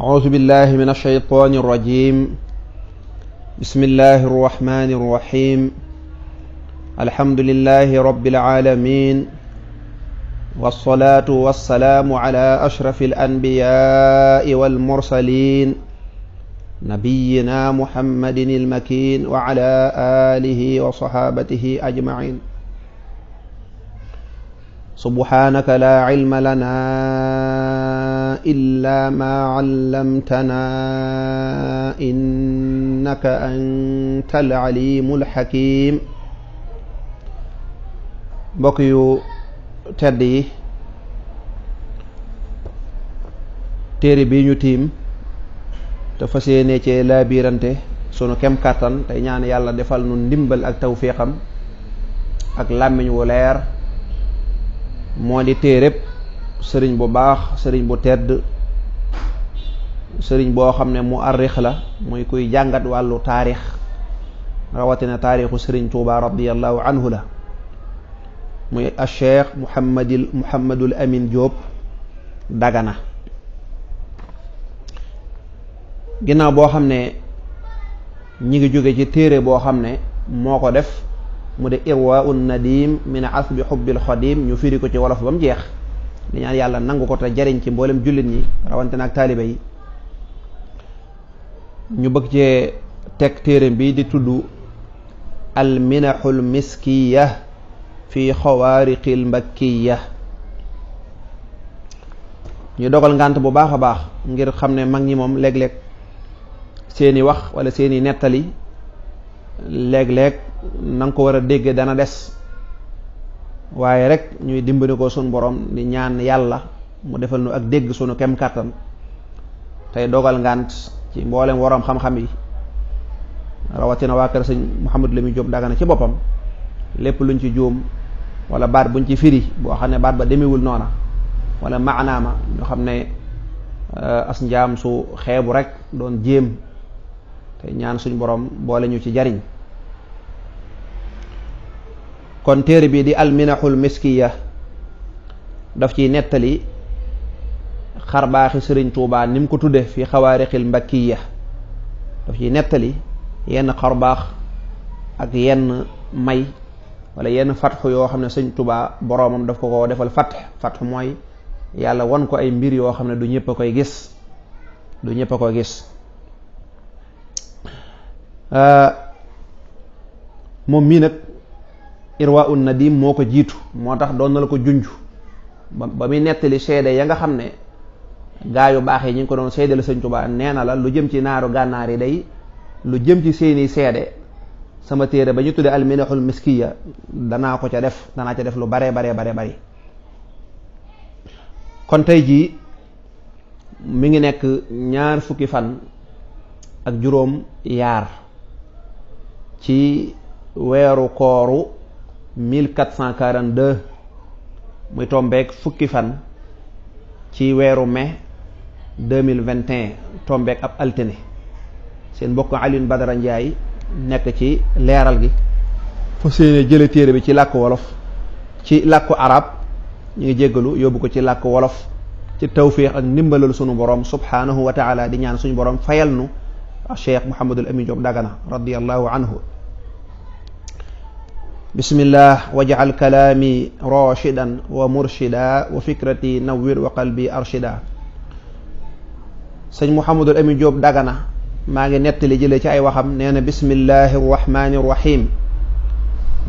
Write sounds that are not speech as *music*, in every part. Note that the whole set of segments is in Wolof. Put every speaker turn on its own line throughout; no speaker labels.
أعوذ بالله من الشيطان الرجيم بسم الله الرحمن الرحيم الحمد لله رب العالمين والصلاة والسلام على أشرف الأنبياء والمرسلين نبينا محمد المكين وعلى آله وصحابته أجمعين سبحانك لا علم لنا إلا ما علمتنا إنك أنت العليم الحكيم mbokk yu tedd yi téere bi ñu tiim dafa fas yéene ci laa biirante sunu kem kàttan tey ñaan yàlla defal nu ndimbal ak tawféexam ak làmmiñ wu leer moo di téereb sëriñ bu baax sëriñ bu tedd sëriñ boo xam ne mu arrix la muy kuy jàngat wàllu taarix rawatina taarixu sëriñ Tuuba radiallahu anhu la muy a cheikh muhammadil muhammadul amin Diop Dagana ginnaaw boo xam ne ñu ngi jóge ci téere boo xam ne moo ko def mu de irwa un nadim min asbi xubbil xadim ñu firi ko ci wolof ba mu jeex di yàlla nangu ko te jariñ ci mboolem jullit ñi rawante na ak taalibe yi ñu bëgg cee teg téereem bi di tudd al minaxul miskiya fi xawaari xawaariqil mbakkiya ñu dogal ngànt bu baax a baax ngir xam ne mag ñi moom léeg-léeg seeni wax wala seeni nettali léeg-léeg na ko war a déggee dana des waaye rek ñuy dimbali ko sunu borom di ñaan yàlla mu defal nu ak dégg suñu kem kàttan tey dogal ngant ci mboolem waroom xam-xam yi rawatina waa kër sëñ Mouhamadou Lamine Diop Dagana ci boppam lépp luñ ci juum wala baat buñ ci firi boo xam ne baat ba demewul noona wala maanaama ñu xam ne euh, as njaam su xeebu rek doon jéem te ñaan suñ borom boole ñu ci jariñ kon téere bii di alminaxul miskiya daf ciy nettali xarbaaxi sëriñ tuubaa ni mu ko tuddee fi xawaarixil mbakkiya daf ciy nettali yenn xarbaax ak yenn may wala yenn fatxu yoo xam ne sëñ tubaa boroomam daf ko ko defal fatx fatx mooy yàlla wan ko ay mbir yoo xam ne du ñëpp a koy gis du ñépp a ko gis euh, moom mii nag irwa un nadim moo ko jiitu moo tax doon na la ko junj ba ba muy nettali seede ya nga xam ne gaa yu baax yi ñu ngi ko doon seede la sëñ Tuubaa nee na la lu jëm ci naaru gànnaar yi day lu jëm ci seeni seede sama téere ba ñu tuddee alminaxul miskiya danaa ko ca def danaa ca def lu bare bare bare bari kon tey jii mi ngi nekk ñaar fukki fan ak juróom yaar ci weeru kooru 1442 muy tombeek fukki fan ci weeru mai 2021 tombeek ab altine seen mbokk Alioune Badara Ndiaye nekk ci leeral gi fa séene jële téere bi ci làkk wolof ci làkku arab ñu ngi jéggalu yóbbu ko ci làkk wolof ci tawfiix ak ndimbalal sunu borom subhaanahu wa taala di ñaan suñu borom fayal nu Cheikh Mouhamadul Amin Diop Dagana radiallahu anhu bismillah waj'al kalaami rashidan wa murshida wa fikrati nawwir wa qalbi arshida sëñ Mouhamadul Amin Diop Dagana maa ngi nettali jële ci ay waxam nee na bismillahi rahmaani rahim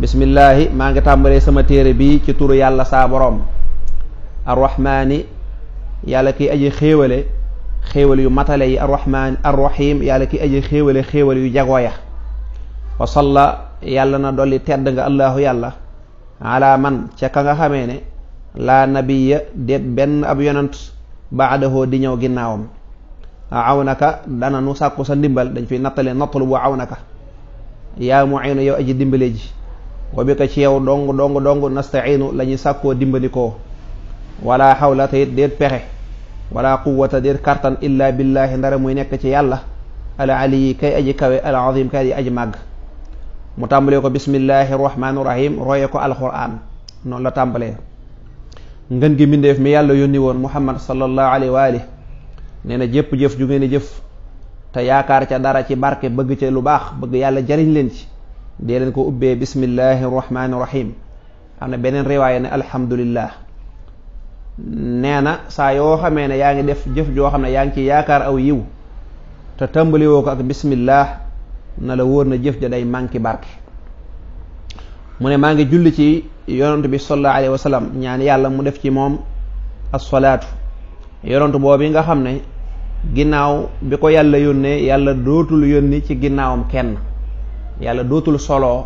bismillahi maa ngi tàmbalee sama téere bi ci turu yàlla saa boroom arrahmaani yàlla kiy aji xéewale xéewal yu matale yi arrahmaan arrahim yàlla ki aji xéewale xéewal yu jagooya wa yàlla na dolli tedd nga allahu yàlla ala ca ka nga xamee ne laa nabiya déet benn ab yonant baadahoo di ñëw ginnaawam aw naka dana nu sàkku sa ndimbal dañ fiy nattale nattalu bu aw naka yaa mu aynu yow aji dimbale ji bi ko ci yow dong dong dong nastainu la ñuy sàkkoo dimbalikoo wala xawla te it déet pexe wala quwata déet kartan illa billahi ndara muy nekk ci yàlla al aliyi kay aji kawe al azim kay aji màgg mu tàmbalee ko bismillahi rahmaani rahim royee ko alquran noonu la tàmbalee ngën gi mbindeef mi yàlla yónni woon muhammad sallallahu alayhi wa nee na jëpp jëf ju ngeen jëf te yaakaar ca dara ci barke bëgg ca lu baax bëgg yàlla jariñ leen ci dee leen ko ubbee bismillahi rahmaani rahim am na beneen riwaaya ne alhamdulillah nee na saa yoo xamee ne yaa ngi def jëf joo xam ne yaa ngi ci yaakaar aw yiw te tàmbali ko ak bismillah na la wóor na jëf ja day manqué barke mu ne maa ngi julli ci yonent bi sallallahu alayhi wa sallam ñaan yàlla mu def ci moom as-salaatu yonent boobu nga xam ne ginnaaw bi ko yàlla yónnee yàlla dootul yónni ci ginnaawam kenn yàlla dootul soloo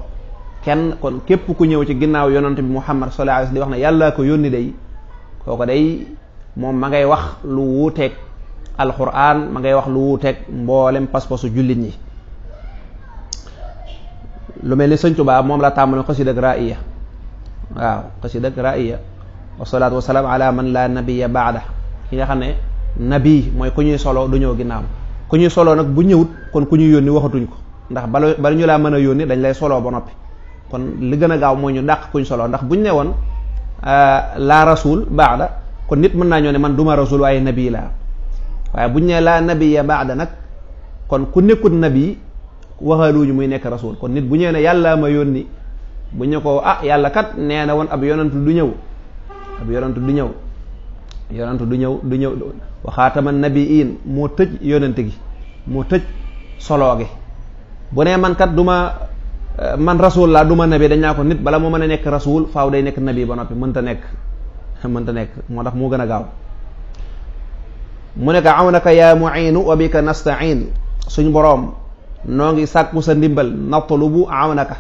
kenn kon képp ku ñëw ci ginnaaw yonent bi Muhammad sallallahu alayhi wa sallam di wax ne yàllaa ko yónni day kooko day moom ma ngay wax lu wuuteeg alquran ma ngay wax lu wuuteeg mboolem pas-pasu jullit ñi lu mel ni sëñ Tuubaa moom la tàmbali xasida ak raaya waaw xasida ak raaya wasalaatu wasalaam ala man la nabiya baada ki nga xam ne nabi mooy ku ñuy solo du ñëw ginnaaw ku ñuy solo nag bu ñëwut kon ku ñuy yónni waxatuñ ko ndax bala bala ñu laa mën a yónni dañ lay solo ba noppi kon li gën a gaaw mooy ñu dàq kuñ solo ndax buñ ne woon euh, laa rasul baada kon nit mën naa ñoo ne man duma rasul waaye nabi laa waaye buñ ne laa nabiya baada nag kon ku nekkut nabi waxaaluñu muy nekk rasul kon nit bu ñëwee ne yàllaa ma yónni bu ñu ko ah yàlla kat nee na woon ab yonantu du ñëw ab yonantu du ñëw yonantu du ñëw du ñëw waxaatama nabiin moo tëj yonante gi moo tëj soloo gi bu ne man kat du ma eh, man rasul laa du ma nabi dañ naa ko nit bala moo mën a nekk rasul faaw day nekk nabi ba noppi mënta nekk *laughs* mënta nekk moo tax moo gën a gaaw mu nekk awnaka yaa muiinu wa bika nastain suñ boroom noo ngi sàkku sa ndimbal bu natlubu awnaka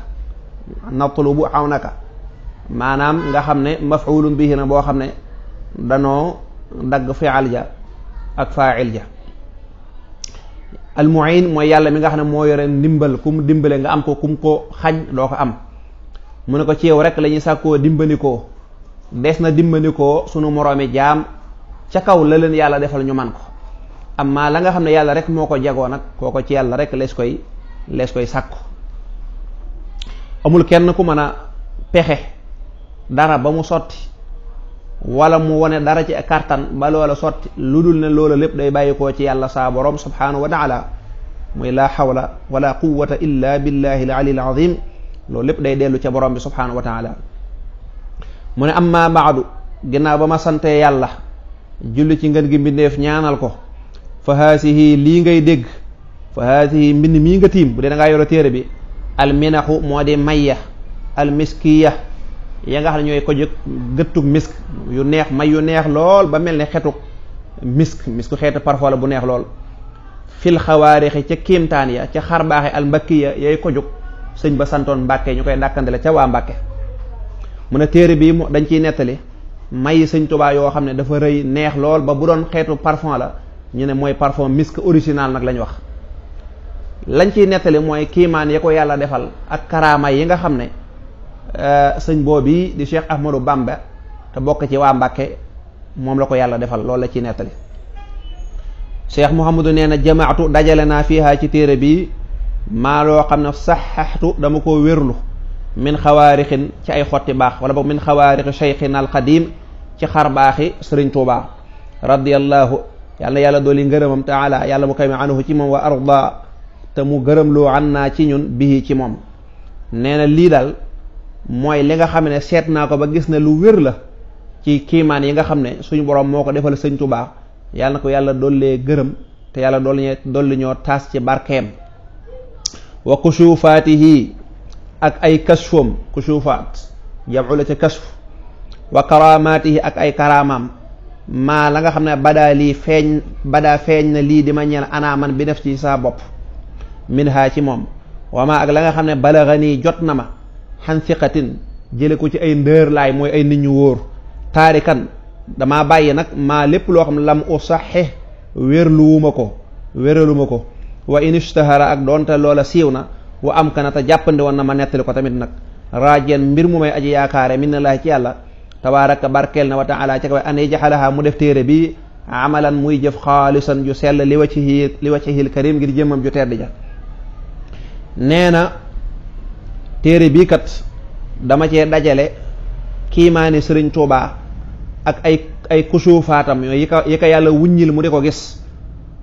bu awnaka maanaam nga xam ne maf'ulun bihi na boo xam ne danoo dagg fi'al ja ak fa'il ja al mooy yàlla mi nga xam ne moo yore ndimbal ku mu dimbale nga am ko ku mu ko xañ doo ko am mu ne ko ci yow rek lañuy ñuy sàkkoo dimbanikoo des na dimbanikoo sunu moroomi jaam ca kaw la leen yàlla defal ñu man ko amma la nga xam ne yàlla rek moo ko jegoo nag kooko ci yàlla rek lees koy lees koy sàkku amul kenn ku mën a pexe dara ba mu sotti walla mu wone dara ci kàttan ba loola sotti lu dul ne loola lépp day bàyyi koo ci yàlla saa borom subhanahu wa taala muy laa xawla wala quwata illa billahi al ali al azim loolu lépp day dellu ca borom bi subhanahu wa taala mu ne amma baadu ginnaaw ba ma sante yàlla julli ci ngën gi mbindeef ñaanal ko fa haasihi lii ngay dégg fa haasihi mbind mii nga tiim bu dee da ngaa yoro téere bi alminaxu moo di mayya almiski ya nga xam ne ñooy ko jëkk gëttug misk yu neex may yu neex lool ba mel ni xetuk misk misku xeetu parfum la bu neex lool fil xawaarixi ca kiimtaan ya ca xar baaxe almbakkiya yay ko jug sëñ ba santoon mbàkke ñu koy dàkkandale ca waa mbàkke mu ne téere bi dañ ciy nettali may sëñ tubaa yoo xam ne dafa rëy neex lool ba bu doon xeetu parfum la ñu ne mooy parfum misk original nag lañ wax lañ ciy nettali mooy kiimaan ya ko yàlla defal ak karaama yi nga xam ne euh, sëñ boobu di Cheikh Ahmadou bàmba te bokk ci waa Mbàkke moom la ko yàlla defal loolu la ciy nettali Cheikh Mouhamadou nee na jamaatu dajale naa fiihaa ci téere bi maa loo xam ne saxaxtu dama ko wérlu min xawaarixin ci ay xotti baax wala boog min xawaarixi cheikhina al ci xar baaxi sëriñ Tuubaa radiyallahu yàlla na yàlla dooli ngërëmam taala yàlla mu koy ma anhu ci moom wa arda te mu gërëm loo an naa ci ñun bii ci moom nee na lii daal mooy li nga xam ne seet naa ko ba gis na lu wér la ci kiimaan yi nga xam ne suñu borom moo ko defal sëñ Tuubaa yàlla na ko yàlla dollee gërëm te yàlla dolli dolli ñoo taas ci barkeem wa kusuufaatihi ak ay kasfam kusuufaat jam'u la ca kasf wa karaamaatihi ak ay karaamaam maa la nga xam ne badaa lii feeñ badaa feeñ na lii di ma ñeel anaa man bi def ci saa bopp min ci moom wamaa ak la nga xam ne balaxa nii jot na ma xan siqatin jële ko ci ay ndër laay mooy ay nit ñu wóor kan damaa bàyyi nag maa lépp loo xam ne lam u saxe wérluwuma ko wéraluma ko wa in ishtahara ak doonte loola siiw na wa am kana te jàppandi woon na ma nettali ko tamit nag raajeen mbir mu may aji yaakaare min na laa ci yàlla tabaaraka barkeel na wa taala ca kaw an yajxalaha mu def téere bii amalan muy jëf xaalisan ju sell li ci li wajhihil karim ngir jëmmam ju tedd ja nee na téere bii kat dama cee dajale kiimaani sëriñ tuubaa ak ay ay kusuufaatam yooyu yi ko yi ko yàlla wuññil mu di ko gis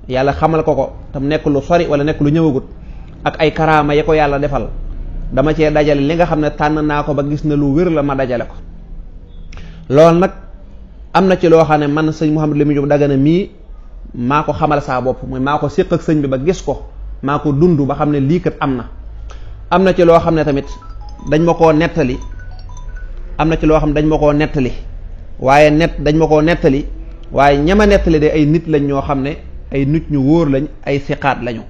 yàlla xamal ko ko tam nekk lu sori wala nekk lu ñëwagut ak ay karaama yi ko yàlla defal dama cee dajale li nga xam ne tànn naa ko ba gis na lu wér la ma dajale ko loolu nag am na ci loo xam ne man sëñ Mouhamadou Lamine Diop Dagana mii maa ko xamal saa bopp mooy maa ko séq ak sëñ bi ba gis ko maa ko dund ba xam ne lii kat am na am na ci loo xam ne tamit dañ ma ko nettali am na ci loo xam ne dañ ma koo nettali waaye net dañ ma koo nettali waaye ñama nettali de ay nit lañ ñoo xam ne ay nit ñu wóor lañ ay siqaat lañu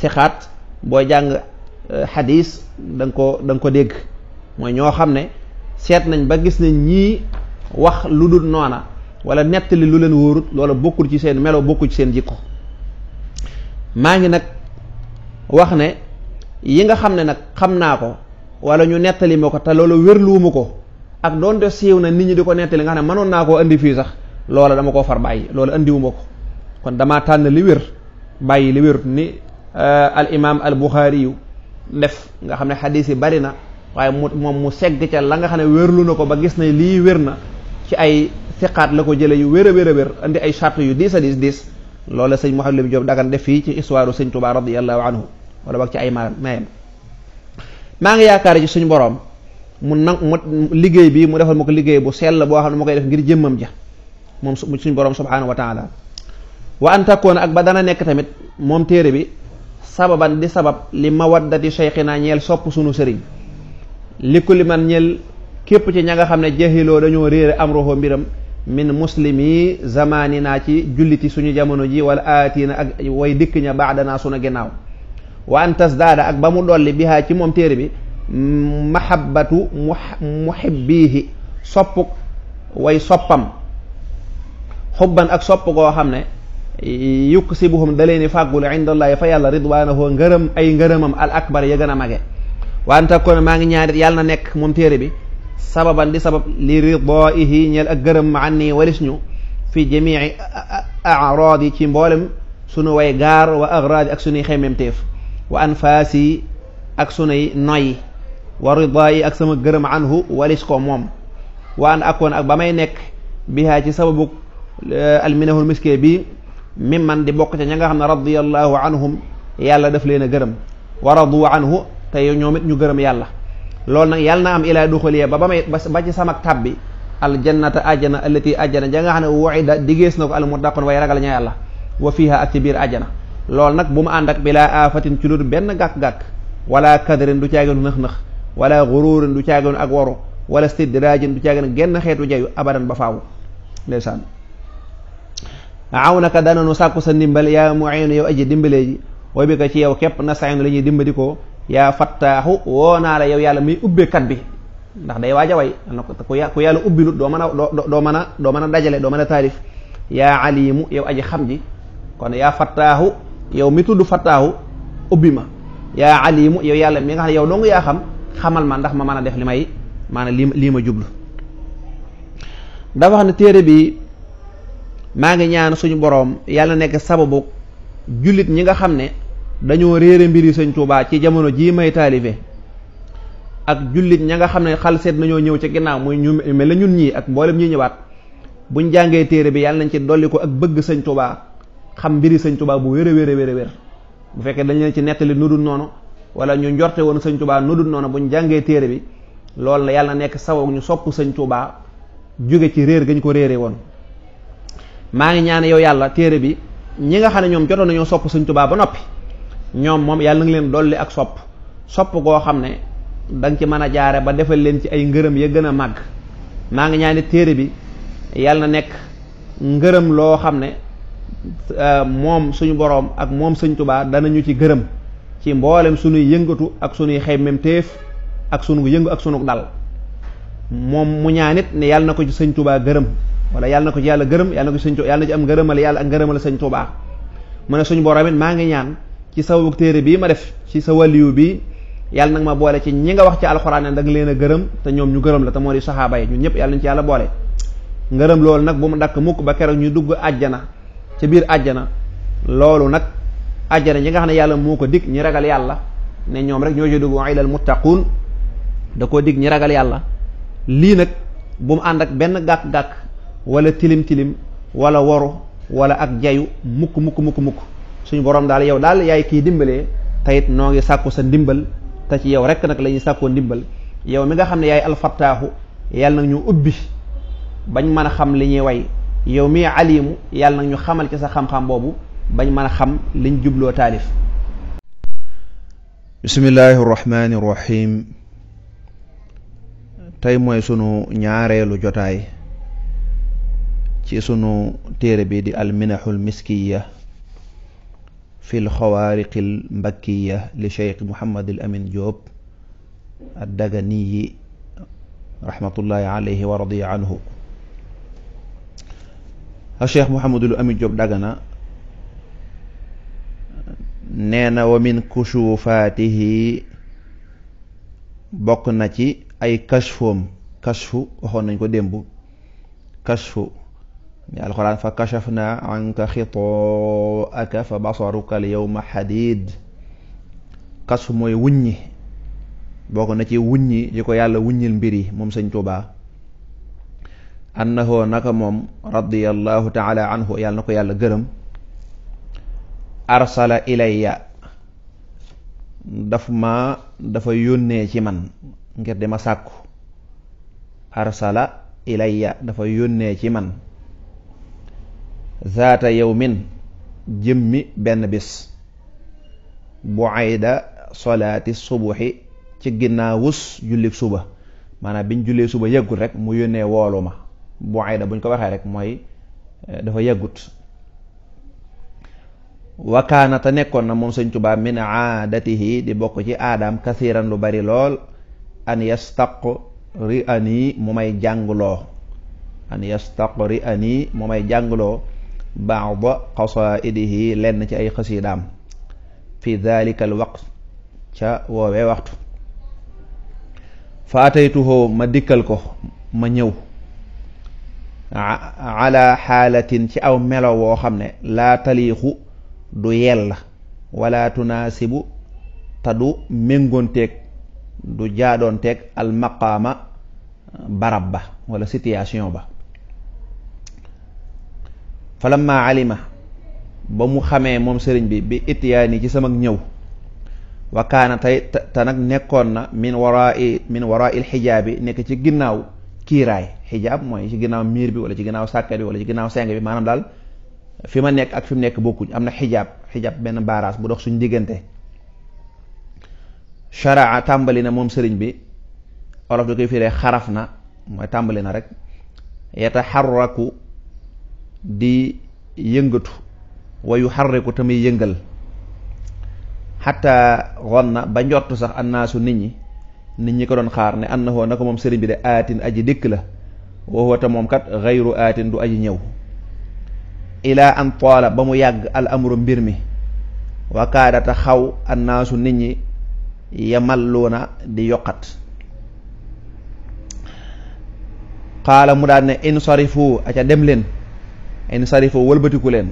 siqaat boo jàng xadiis euh, da ko da ko dégg mooy ñoo xam ne seet nañ ba gis nañ ñii wax lu dul noona wala nettali lu leen wóorut loola bokkul ci seen melo bokkul ci seen jikko maa ngi nag wax ne yi nga xam ne nag xam naa ko walla ñu nettali ma ko te loola wérluwuma ko ak doonte siiw na nit ñi di ko nettali nga xam ne mënoon naa koo indi fii sax loola dama koo far bàyyi loola indiwuma ko kon dama tànn li wér bàyyi li wérut ni euh, al imaam al buxaari yu def nga xam ne xadiis yi bari na waaye mu moom mu segg ca la nga xam ne wérlu na ko ba gis na lii wér na ci ay siqaat la ko jële yu wér a wér a wér andi ay charte yu diis a diis diis loola sëñ Mouhamed Lamine Diop dagan def fii ci histoire sëñ Touba radiyallahu anhu wala boog ci ay mayam maa ngi yaakaar ci suñu boroom mu na mu liggéey bi mu defal ma ko liggéey bu sell boo xam ne mu koy def ngir jëmmam ja moom suñu borom subhanahu wa taala wa an takkoona ak ba dana nekk tamit moom téere bi sababan di sabab li mawaddati cheikhina ñeel sopp sunu sëriñ li kulli man képp ci ña nga xam ne jahiloo dañoo réere am roxoo mbiram min muslimi zamani naa ci julliti suñu jamono ji wala aatiina ak way dikk ña baadanaa suna ginnaaw wa an tasdaada ak ba mu dolli bihaa ci moom téere bi mahabbatu mu muhibbihi soppuk way soppam xubban ak sopp koo xam ne yukk si buhum da leeni fàggul indallahi fa yàlla ridwaanahu ngërëm ay ngërëmam al akbar ya gën a mage wante maa ngi ñaanit yàlla na nekk moom téere bi sababan di sabab li ridaihi ñeel ak gërëm ma nii walis ñu fi jamii araad yi ci mboolem sunu way gaar wa agraad yi ak sunuy xemmemteef wa anfaas ak sunuy noy wa ridaa ak sama gërëm anhu walis ko moom wa an akoon ak ba may nekk bihaa ci sababu eh, alminahul miske bi mim man di bokk ca ña nga xam ne radiyallahu anhum yàlla def leen a gërëm wa radu anhu te ñoom ñu gërëm yàlla loolu nag yàlla na am ilaa duxaliya ba ba may ba ci sama tab bi aljannata ajjana allati ajjana ja nga xam ne waxida diggees na ko al muttaqoon way ragal ña yàlla wa fiha ak ci biir àjjana lool nag bu mu ànd ak bilaa aafatin ci benn gàkk-gàkk wala kadrin du caaginu nëx-nëx wala gururin du caaginu ak waru wala stidrajin du caaginu genn xeetu jayu abadan ba faaw ndeysaan awnaka dananu sàkku sa ndimbal yaa yow aji dimbalee ji way bi ko ci yow képp na saynu la ñuy dimbadikoo yaa fattaaxu woo naa la yow yàlla muy ubbeekat bi ndax day waaj a way ku yàlla ubbilut doo mën a doo mën a doo mën a dajale doo mën a taarif yaa alimu yow aji xam ji kon yaa fattaaxu yow mi tudd fattaaxu ubbi ma yaa alimu yow yàlla mi nga xam ne yow dong yaa xam xamal ma ndax ma mën a def li may maanaam lii lii ma jublu dafa bi maa ngi ñaan suñu boroom yàlla nekk sababu jullit ñi nga xam ne dañoo réere mbiri sëñ Touba ci jamono jii may taalife ak jullit ña nga xam ne xal seet nañoo ñëw ci ginnaaw muy ñu mel ne ñun ñii ak mboolem ñi ñëwaat buñ jàngee téere bi yàlla nañ ci dolli ko ak bëgg sëñ Touba xam mbiri sëñ Touba bu wér a bu fekkee dañ leen ci nettali nu dul noonu wala ñu njorte woon sañ tubaa nu dul noonu buñ jàngee téere bi loolu na yàlla nekk sawoog ñu sopp sañ Touba jóge ci réer gañ ko réere woon maa ngi ñaan yow yàlla téere bi ñi nga xam ne ñoom jotoon nañoo sopp sëñ tubaa ba noppi ñoom moom yàlla nga leen dolli ak sopp sopp goo xam ne da ci mën a jaare ba defal leen ci ay ngërëm ya gën a màgg maa ngi ñaani téere bi yàlla na nekk ngërëm loo xam ne euh, moom suñu boroom ak moom sëñ tubaa ñu ci gërëm ci mboolem suñuy yëngatu ak sunuy suñuy xeymem téef ak sunu yëngu ak sunu dal moom mu ñaan it ne yàlla na ko ci sëñ tubaa gërëm wala yàlla na ko ci yàlla gërëm yàlla na ko ci yàlla ci am ngërëmal yàlla ak ngërëmal sëñ tubaa mu ne suñ boroom it maa ngi ñaan ci sawuk téere bii ma def ci sa waliyu bi yàlla nag ma boole ci ñi nga wax ci alxuraan ne dag leen a gërëm te ñoom ñu gërëm la te moo di saxaaba yi ñun ñëpp yàlla nañ ci yàlla ngërëm loolu nag bu mu dakk mukk ba keroog ñu dugg àjjana ca biir àjjana loolu nag àjjana ñi nga xam ne yàlla moo ko dig ñi ragal yàlla ne ñoom rek ñoo ci dugg ilal muttaquun da koo digg ñi ragal yàlla lii nag bu mu ànd ak benn gàkk-gàkk wala tilim tilim walla woru wala ak jayu mukk mukk mukk mukk suñu borom daal yow daal yaay kii dimbalee tayit noo ngi sàkku sa ndimbal te ci yow rek nag lañuy sàkkoo ndimbal yow mi nga xam ne yaay alfattaaxu yàlla na ñu ubbi bañ mën a xam li ñuy way yow mi alimu yàlla na ñu xamal ci sa xam boobu bañ mën a xam liñ jubloo taalif bismillahi tey mooy sunu ñaareelu jotaay ci sunu téere bi di alminahul miskiya fi lxawaariqi l mbakkiya li cheikh Mouhamad al Amin Diop ad daganiyi rahmatullahi alayhi wa radiya anhu a cheikh Mouhamadul Amin Diop Dagana nee na wa min kushufaatihi bokk na ci ay kashfoom kashfu waxoon nañ ko démb kashfu ni alxuraan fa kachafna anka xitaaka fa basaruka al yawma xadid mooy wuññi bokk na ci wuññi di ko yàlla wuññil mbir yi moom sëñ Tuubaa annahu naka moom radiyallahu taala anhu yàlla na ko yàlla gërëm arsala ilayya daf yónnee ci man ngir di sàkku arsala ilayya dafa yónnee ci man zaata yawmin jëmmi benn bis bu ayda solaati subuxi ci ginnaawus jullik suba maanaam biñ jullee suba yëggut rek mu yónnee woolu ma bu ayda buñ ko waxee rek mooy eh, dafa yëggut wakaanata nekkoon na moom sëñ Tuubaa min aadatihi di bokk ci aadaam kasiiran lu bari lool an yastaqri ani mu may jàngloo an yastaqri ani mu may jàngloo baada xasaidihi lenn ci ay xasiidaam fi dalika al ca woowee waxtu faataytuhoo ma dikkal ko ma ñëw a xaalatin ci aw melo woo xam ne laa taliixu du yella wala tunaasibu te du méngoonteeg du jaadoonteeg al maqaama barab ba wala situation ba falamma alima ba mu xamee moom sëriñ bi bi ityaani ci sama ñëw wa kaana tey te te nag nekkoon na min warai min warai xijaabi nekk ci ginnaaw kiiraay xijaab mooy ci ginnaaw miir bi wala ci ginnaaw sàkket bi wala ci ginnaaw seng bi maanaam daal fi ma nekk ak fi mu nekk bokkuñ am na xijaab xijaab benn baaraas bu dox suñ diggante sharaa tàmbali na moom sëriñ bi olof da koy firee xaraf na mooy tàmbali na rek yataxarraku di yëngatu wa yuxarriku tamit yëngal xataa xon na ba njott sax annaasu nit ñi nit ñi ko doon xaar ne annahoo na ko moom sëriñ bi de aatin aji dikk la wa huwa te moom kat xayru aatin du aji ñëw ilaa an toola ba mu yàgg al amru mbir mi wakaadata xaw annaasu nit ñi yamalluuna di yokkat xaala mu daal ne insarifu aca dem leen in sarifoo wëlbatiku leen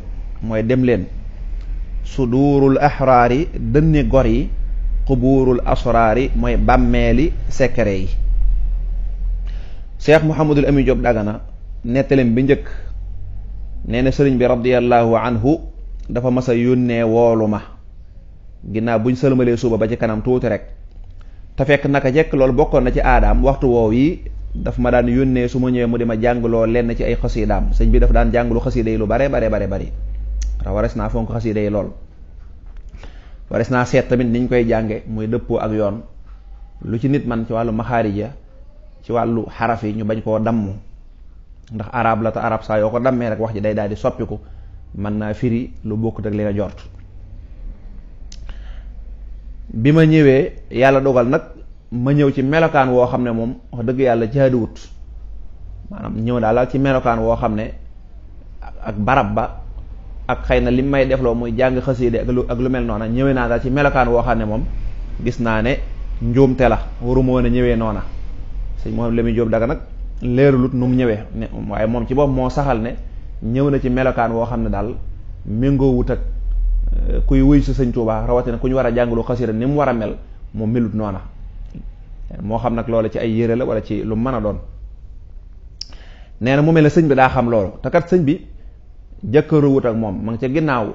mooy dem leen suduurul axraari dënni gor yi xubuurul asraari mooy bàmmeeli secret yi cheikh mouhamadul ami Diop dagana nettalim bi njëkk nee na sëriñ bi radiallahu anhu dafa masa a yónnee woolu ma ginnaaw buñ sëlmalee suba ba ci kanam tuuti rek te fekk naka jekk loolu bokkoon na ci aadaam waxtu woow yi daf ma daan yónnee su ma ñëwee mu di ma jàngloo lenn ci ay xasiidaam sëñ bi daf daan jànglu xasiida yi lu bare bare bare bari wares naa fonk xasiida yi lool wares naa seet tamit niñ koy jànge muy dëppoo ak yoon lu ci nit man ci wàllu ya ci wàllu xaraf yi ñu bañ koo damm ndax arab la te arab saa yoo ko dammee rek wax ji day daal di soppiku mën naa firi lu bokk ak li nga jort bi ma ñëwee yàlla dogal nag ma ñëw ci melokaan woo xam ne moom wax dëgg yàlla jaaduwut maanaam ñëw daal ci melokaan woo xam ne ak barab ba ak xëy na li may defloo muy jàng xasiide ak lu ak lu mel noona ñëwee naa daal ci melokaan woo xam ne moom gis naa ne njuumte la waruma woon ñëwee noona sëñ moom la muy jóob daga nag leerulut nu mu ñëwee waaye moom ci bopp moo saxal ne ñëw na ci melokaan woo xam ne daal méngoowut ak euh, kuy wuy si sëñ Tuubaa rawatina ku ñu war a jàngaloo xasiida ni mu war a mel moom melut moo xam nag loolu ci ay yére la wala ci lu mën a doon nee na mu mel ne sëñ bi daa xam loolu te sëñ bi jëkkëru wut ak moom ma ngi ca ginnaaw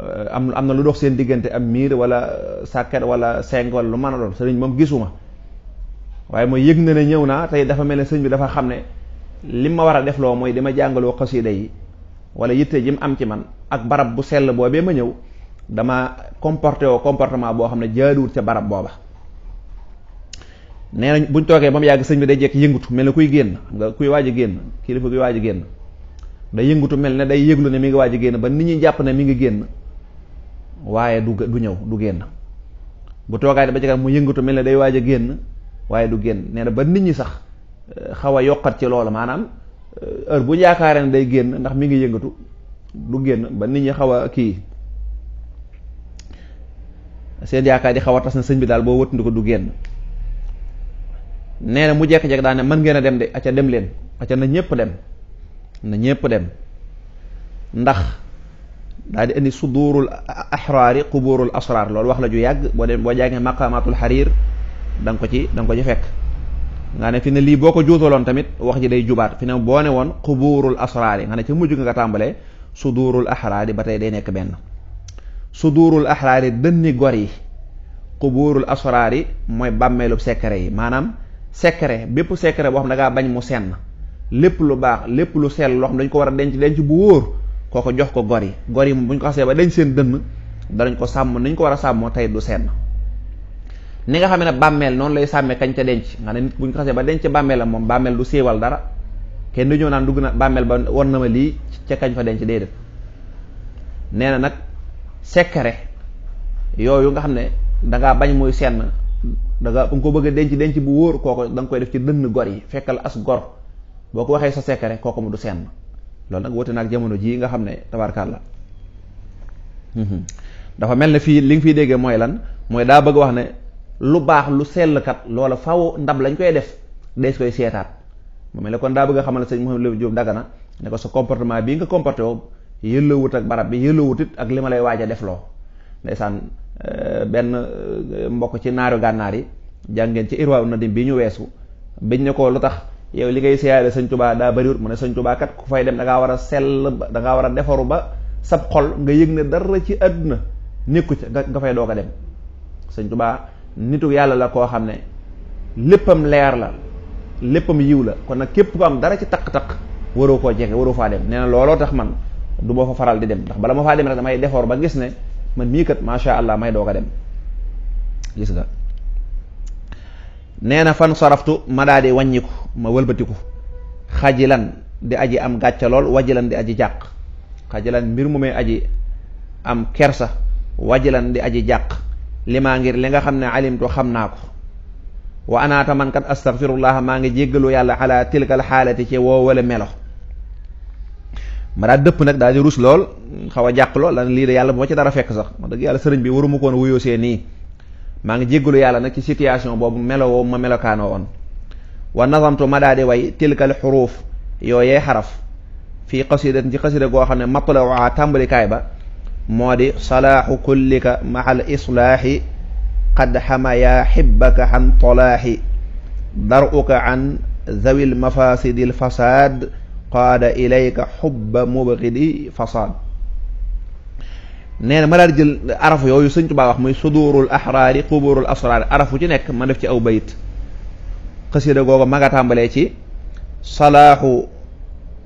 euh, am am na lu dox seen diggante am miir wala euh, sàkket wala seng wala lu man a doon sëriñ moom gisuma waaye mooy yëg na ne ñëw naa tey dafa mel ne sëñ bi dafa xam ne li ma war a def loo mooy di ma jàngaloo xasida day wala yitte ji mu am ci man ak barab bu sell boobee ma ñëw dama comporté woo comportement boo xam ne jaaduwut ca barab booba nee nañ buñ toogee ba mu yàgg sëñ bi day jekk yëngutu mel ne kuy génn nga kuy waaj a génn kilifa kuy waaj a génn day yëngutu mel ni day yëglu ne mi ngi waaj a génn ba nit ñi jàpp ne mi ngi génn waaye ñëw du génn bu toogaay ba ci kanam mu yëngatu mel ne day waaj a génn waaye du génn nee na ba nit ñi sax eh, xaw a yokkat ci loolu maanaam eh, heure bu yaakaaree ne day génn ndax mi ngi yëngatu du génn ba nit ñi xaw a kii seen yaakaar di xaw a tas na sëñ bi daal boo wëtandi ko du génn nee na mu jekk-jekk daa ne mën ngeen a dem de aca dem leen aca na ñëpp dem na ñëpp dem ndax daal di indi suduurul ahraari qubuurul asraar loolu wax la ju yàgg boo dem boo da nga ci da ko ci fekk nga ne fi ne lii boo ko juutaloon tamit wax ji day jubaat fi ne boo ne woon qubuurul asraar yi nga ne ca mujj nga tàmbalee suduurul ahraari ba tey day nekk benn suduurul ahraari dënni gor yi qubuurul asraar yi mooy bàmmeelub sekkare yi maanaam secret bépp secret boo xam ne da bañ mu seen lépp lu baax lépp lu seel loo xam dañ ko war a denc denc bu wóor kooko jox ko gor yi gor yi bu ñu ko ba denc seen dënn danañ ko sàmm nañ ko war a sàmmoo tey du senn ni nga xam ne bàmmeel noonu lay sàmmee kañ ca denc nga ne nit xasee ba denc bàmmeel la moom bàmmeel du siiwal dara kenn du naan dugg na bàmmeel ba war na ma lii ca kañ fa denc déedéet nee na nag secret yooyu nga xam ne dangaa bañ muy senn da nga ko bëgg a denc denc bu wóor kooku danga koy def ci dënn gor yi fekkal as gor boo ko waxee sa secret kooku mu du seen loolu nag wute ak jamono jii nga xam ne tabarkàlla mhm. dafa mel ne fii li nga fiy déggee mooy lan mooy daa bëgg wax ne lu baax lu sell kat loola faw ndab lañ koy def dees koy seetaat mu mel ne kon daa bëgg xamal xamal sëñ Mouhamed Lamine Diop Dagana ne ko sa comportement bii nga comporté woo yëllawut ak barab bi yëllawut it ak li ma lay waaj a def loo ndeysaan euh, benn euh, mbokk ci naaru gànnaar yi jàngeen ci irwaaw nadim bi ñu weesu biñ ne ko lu tax yow li ngay siyaare sëñ Tuubaa daa bariwut mu ne sëñ Tuubaa kat ku fay dem da ngaa war a sell da ngaa war a defaru ba sab xol nga yëg ne dara ci àdduna nekku ca nga fay doog a dem nitu yàlla la koo xam ne léppam leer la léppam yiw la kon nag képp ko am dara ci taq-taq waroo koo jege waroo faa dem nee na looloo tax man du ma fa faral di dem ndax bala ma faa dem rek damay defoor ba gis ne man mii kat macha allah may doo a dem gis nga nee na fan saraftu ma daal di wàññiku ma wëlbatiku xajilan di aji am gàcce lool wajilan di aji jàq xajilan mbir mu may aji am kersa wajilan di aji jàq li maa ngir li nga xam ne alimtu xam naa ko wa anaata man kat astaghfirullah maa ngi jéggalu yàlla ala tilkal xaalati ci woo wala melo ma daa dëpp nag daa di rus lool xaw a jàq lool lan lii de yàlla bu ci dara fekk sax wax dëgg yàlla sëriñ bi waruma koon wuyoo see nii maa ngi jéggalu yàlla nag ci situation boobu melowoo ma melokaanoo woon wa nazamtu ma daa di way tilkal xuruuf yooyee xaraf fii xasidatin ci xasida goo xam ne matlawaa tàmbalikaay ba moo di salaaxu kullika maxal islaaxi qad xama xibbaka an tolaaxi daruka an zawil mafasidil fasaad qaada ilayka xubba mubghidi fasaad nee na ma daal jël arafu yooyu sëñ Tuubaa wax muy sudurul ahraari quburul asraar arafu ci nekk ma def ci aw bayit xasida googu ma nga tàmbalee ci salaaxu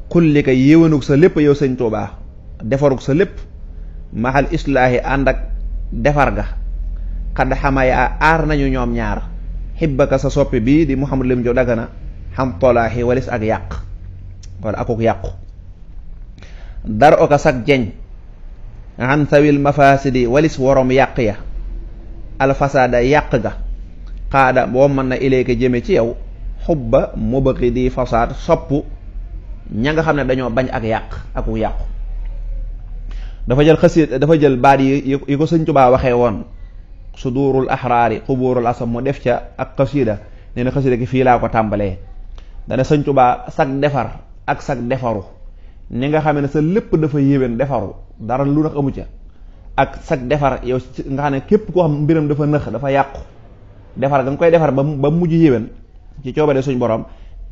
kullika yéwénug sa lépp yow sëñ Tuubaa defarug sa lépp maxal islaahi ànd ak defar ga xadd xamaya aar nañu ñoom ñaar xibbaka sa soppi bii di mu Muhammad lim jo dagana xam tolaaxi walis ak yàq kon akuk yàqu dar oka sag jeñ an sawil mafasidi walis worom yàq ya alfasada yàq ga xaada boo mën na ileeke jëme ci yow xubba mu bëgg di fasaad sopp ña nga xam ne dañoo bañ ak yàq akuk yàqu dafa jël xësit dafa jël baat yi yi ko sëñ Tubaa waxee woon suduurul axraari xubuurul asam mu def ca ak xasida nee na xasida fii laa ko tàmbalee dana sëñ Tubaa sag defar ak sag defaru ni nga xam ne sa lépp dafa yéwén defaru dara lu nax amu ca ak sag defar yow nga xam ne képp koo xam mbiram dafa nëx dafa yàqu defar nga koy defar ba ba mujj yéwén ci coobare suñ borom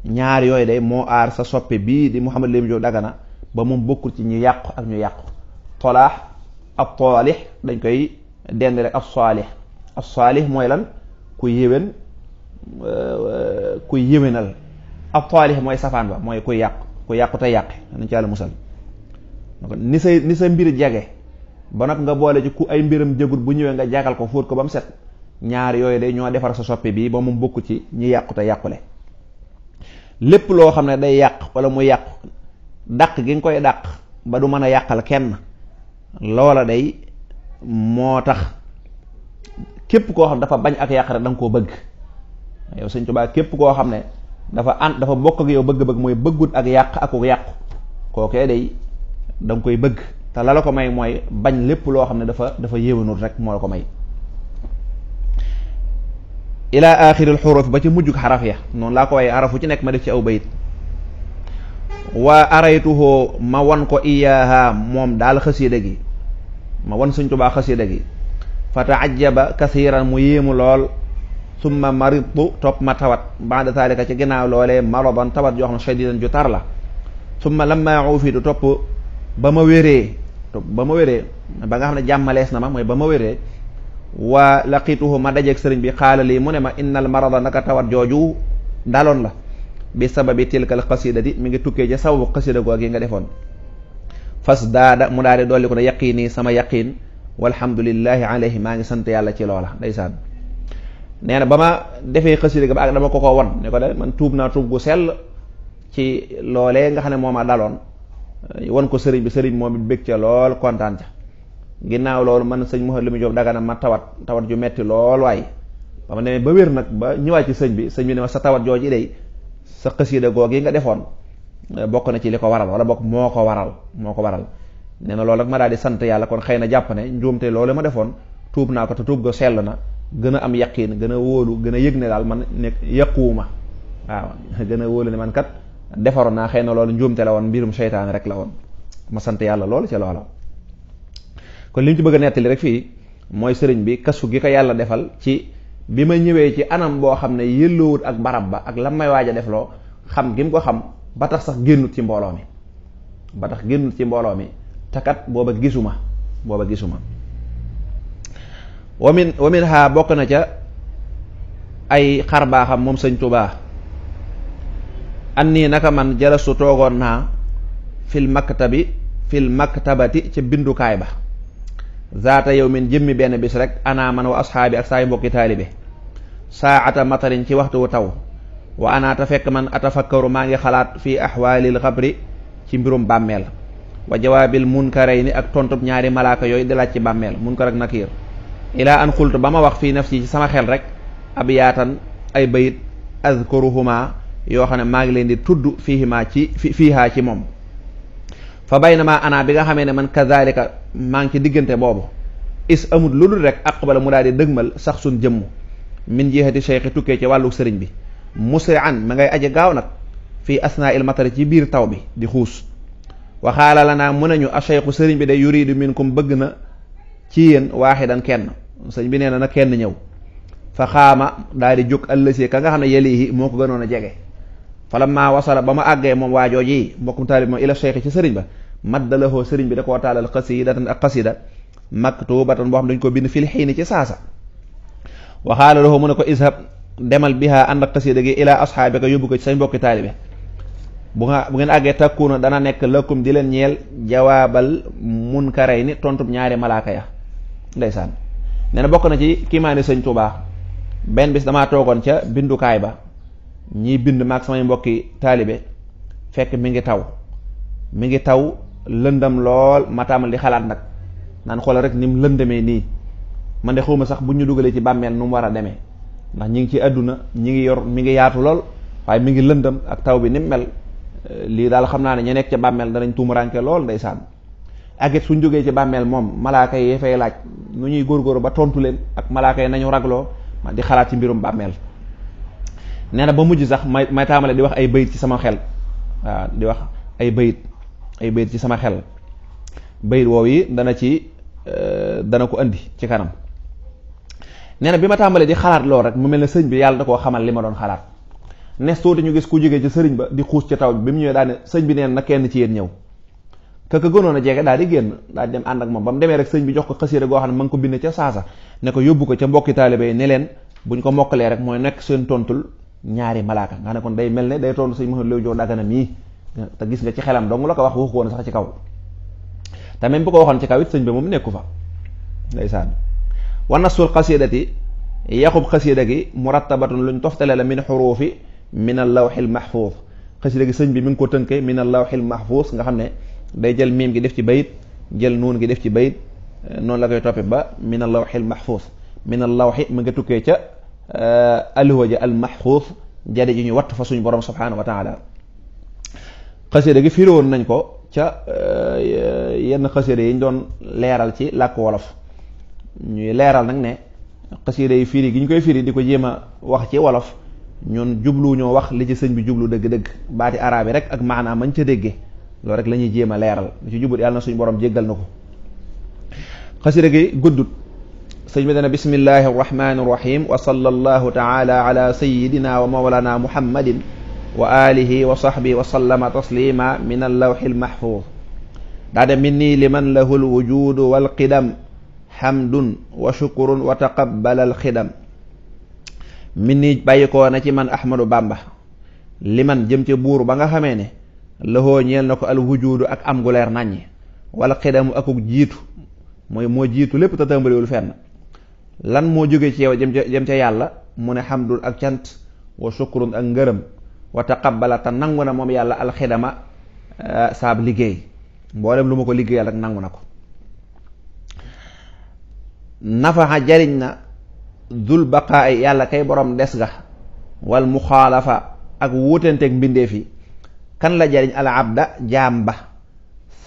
ñaar yooyu day moo aar sa soppe bii di Mouhamed Lamine Diop Dagana ba moom bokkul ci ñu yàqu ak ñu yàqu tolaax ab toolix dañ koy dend rek ab saalix ab saalix mooy lan ku yéwén euh, ku yéwénal ab toolix mooy safaan ba mooy kuy yàqu ku yàqute yàq yàqe nañ ci yàlla musal ni say ni sa mbir jage ba nag nga boole ci ku ay mbiram jëgut bu ñëwee nga jagal ko fóot ko ba mu set ñaar yooyu day ñoo defar sa soppe bii ba mu bokk ci ñi yàqu te yàqule lépp loo xam ne day yàq walla mu yàqu dàq gi nga koy dàq ba du mën a yàqal kenn loola day moo tax képp koo xam ne dafa bañ ak yàq rek da nga koo bëgg yow sëñ Tuubaa képp koo xam ne dafa ànd dafa bokk ak yow bëgg-bëgg mooy bëggut ak yàq akuk yàqu kookee day da koy bëgg te la la ko may mooy bañ lépp loo xam ne dafa dafa yéwénul rek moo la ko may ila axiril xuruuf ba ci mujjug xaraf ya laa ko waaye ci nekk ma def ci aw bayit waa araytuhoo ko moom daal xasiida gi ma wan Sëñ Tuubaa xasiida gi fa taajaba kasiiran mu yéemu lool summa maridtu topp ma tawat baada zalika ci ginnaaw loolee maradan tawat yoo xam ne shadidan ju tar la summa lamma ufitu topp ba ma wéree ba ma wéree ba nga xam ne jàmmalees na ma mooy ba ma wéree wa laqituhu ma dajeek sëriñ bi xaala mu ne ma innal marada naka tawat jooju daloon la bi sababi tilkal xasidati mi ngi tukkee ci sababu xasida goo gi nga defoon fas daada mu daal di dolli ko ne yaqiin yi sama yaqiin walhamdulillahi alayhi maa ngi sant yàlla ci loola ndeysaan nee na ba ma defee xasida ba ak dama ko ko won ne ko de man tuub naa tuub gu sell ci loolee nga xam ne moo ma daloon eh, won ko sëriñ bi sëriñ moom it bég ca lool kontaan ca ginnaaw loolu man sëñ Mouhamed Lamine Diop Dagana ma tawat tawat ju metti lool waaye ba ma demee ba wér nag ba ñëwaat ci sëñ bi sëñ bi ne ma sa tawat jooju day sa xasida goog yi nga defoon eh, bokk na ci li ko waral wala bokk moo ko waral moo ko waral nee na loolu nag ma daal di sant yàlla kon xëy na jàpp ne njuumte loolu ma defoon tuub naa ko te tuub ga sell na gën a am yaqiin gën a wóolu gën a yëg ne daal man ne yaquuma waaw gën a wóolu ne man kat defaroon naa xëy na loolu njuumte la woon mbirum seytaane rek la woon ma sant yàlla loolu ca loola kon li ñu ci bëgg a nettali rek fii mooy sëriñ bi kasu gi ko yàlla defal ci bi ma ñëwee ci anam boo xam ne yëlloowut ak barab ba ak la may waaj a defloo xam gi mu ko xam ba tax sax génnut ci mbooloo mi ba tax génnut ci mbooloo mi te kat booba gisuma booba gisuma wamin wamin bokk na ca ay xar moom sëñ tubaa an nii naka man jalasu toogoon naa fil maktabi fil maktabati ca bindukaay ba zaata yow min jëmmi benn bis rek ana man wa asxaabi ak saay mbokki taalibe saata matarin ci waxtu wu taw wa ana fekk man atafakkaru maa ngi xalaat fii axwaalil xabri ci mbirum bàmmeel wa jawaabil munkarayni ak tontub ñaari malaaka yooyu di laaj ci bàmmeel munkar ak nakiir ilaa an xultu ba ma wax fii nafsi ci sama xel rek ab yaatan ay bayit azkuruhuma yoo xam ne maa ngi leen di tudd fiihima ci fiihaa ci moom fa baynama ana bi nga xamee ne man kazalika maa ngi ci diggante boobu is amul lu dul rek aqbala mu daal di dëgmal sax suñ jëmm min jihati cheikhi tukkee ci wàllu sëriñ bi musri'an ma ngay aje gaaw nag fii asnaa il matari ci biir taw bi di xuus waxaala la naa mën nañu a cheikhu sëriñ bi day yuridu minkum bëgg na ci yéen dan kenn sëñ bi nee na na kenn ñëw fa xaama daal di jóg ëllësee ka nga xam ne yelihi moo ko gënoon a jege fala maa wasala ba ma àggee moom waajoo ji mbokkum taalib moom ila ci sëriñ ba maddalahoo sëriñ bi da koo taalal xasidatan ak xasida maktubatan boo xam dañ ko bind fil xiini ci saasa la ko mu ne ko ishab demal biha ànd ak xasida gi ila asxaabika yóbbu ko ci say mbokki taalibe bu nga bu ngeen àggee takkuuna dana nekk lëkkum di leen ñeel jawaabal munkarayni tontub ñaari malaaka ya ndeysaan nee bokk na ci kiimaani sëñ Touba benn bis damaa toogoon ca bindukaay ba ñiy bind maag samay mbokki taalibe fekk mi ngi taw mi ngi taw lëndam lool ma taamal xalaat nag naan xoolal rek ni mu lëndamee nii man de xawma sax bu ñu dugalee ci bàmmeel nu mu war a demee ndax ñi ngi ci àdduna ñi ngi yor mi ngi yaatu lool waaye mi ngi lëndam ak taw bi ni mel eh, lii daal xam naa ni ña nekk ca bàmmeel danañ tuumuranke lool ndeysaan ak suñ jógee ci bàmmeel moom malaaka yi fay laaj nu ñuy góorgóoru ba tontu leen ak malaaka yi nañu ragloo man di xalaat ci mbirum bàmmeel nee na ba mujj sax may may di wax ay bayit ci sama xel waaw di wax ay bayit ay bayit ci sama xel bayit woow yi dana ci euh, dana ko indi ci kanam nee na bi ma tàmbalee di xalaat loolu rek mu mel ne sëñ bi yàlla da koo xamal li ma doon xalaat nes tuuti ñu gis ku jógee ci sëriñ ba di xuus ci taw bi bi mu ñëwee daane sëñ bi neen na kenn ci yéen ñëw ka ka gënoon a jege daal di génn daa di dem ànd ak moom ba mu demee rek sëñ bi jox ko xasiida goo xam ne ma ngi ko bind ca saasa ne ko yóbbu ko ca mbokki taalibe yi ne leen buñ ko mokkalee rek mooy nekk seen tontul ñaari malaaka nga ne kon day mel ne day tontu sëñ Mouhamed Leye Diop Dagana mii te gis nga ci xelam dong la ko wax waxu ko woon sax ci te même bu ko waxoon ci kaw it sëñ bi moom nekku fa ndeysaan wa nasul xasiidati yaqub xasiida gi murattabatun luñ toftale la min xuruufi min al lawxil foofu xasiida gi sëñ bi mu ngi ko tënkee min al lawxil mahfuus nga xam ne day jël miim gi def ci bayit jël nuun gi def ci bayit euh, noonu la koy toppe ba min al lawxi al maxfuus min al lawxi mu nga tukkee ca euh, alluwa ja al maxfuus jade ji ñu watt fa suñu borom subhanahu wa taala xasida gi firoon nañ ko ca euh, yenn xasida yi ñu doon leeral ci làkk wolof ñuy leeral nag ne xasida yi firi gi ñu koy firi di ko jéem a wax ci wolof ñun jublu ñoo wax li ci sëñ bi jublu dëgg-dëgg baati araabi rek ak maanaam mañ ca déggee loolu rek lañuy ñuy jéem a leeral lu ci jubut yàlla na suñu borom jéggal na ko xasida gi guddut sëñ bi dana bismillahi arrahmani arrahim wa sallallahu taala ala sayidina wa mawlana muhammadin wa alihi wa sahbi wa sallama taslima min allawxi almahfuz daade minni liman lahu alwujudu walqidam wa shukurun wa taqabbal alxidam minni bàyyikoo na ci man ahmadu bamba liman jëm ci buur ba nga xamee ni lëxoo ñeel na ko al wujudu ak am gu leer naññi wala xidamu ak jiitu mooy moo jiitu lépp te tàmbaliwul fenn lan moo jóge ci yow jëm ca jëm yàlla mu ne xam dul ak cant wa sukurun ak ngërëm wa taqabbala te nangu na moom yàlla alxidama eh, saab liggéey mboolem lu ma ko liggéeyal rek nangu na ko nafaxa jariñ na dul baqaay yàlla kay borom des ga wal muxaalafa ak wuutenteeg mbindeef yi kan la jariñ al abda jaamba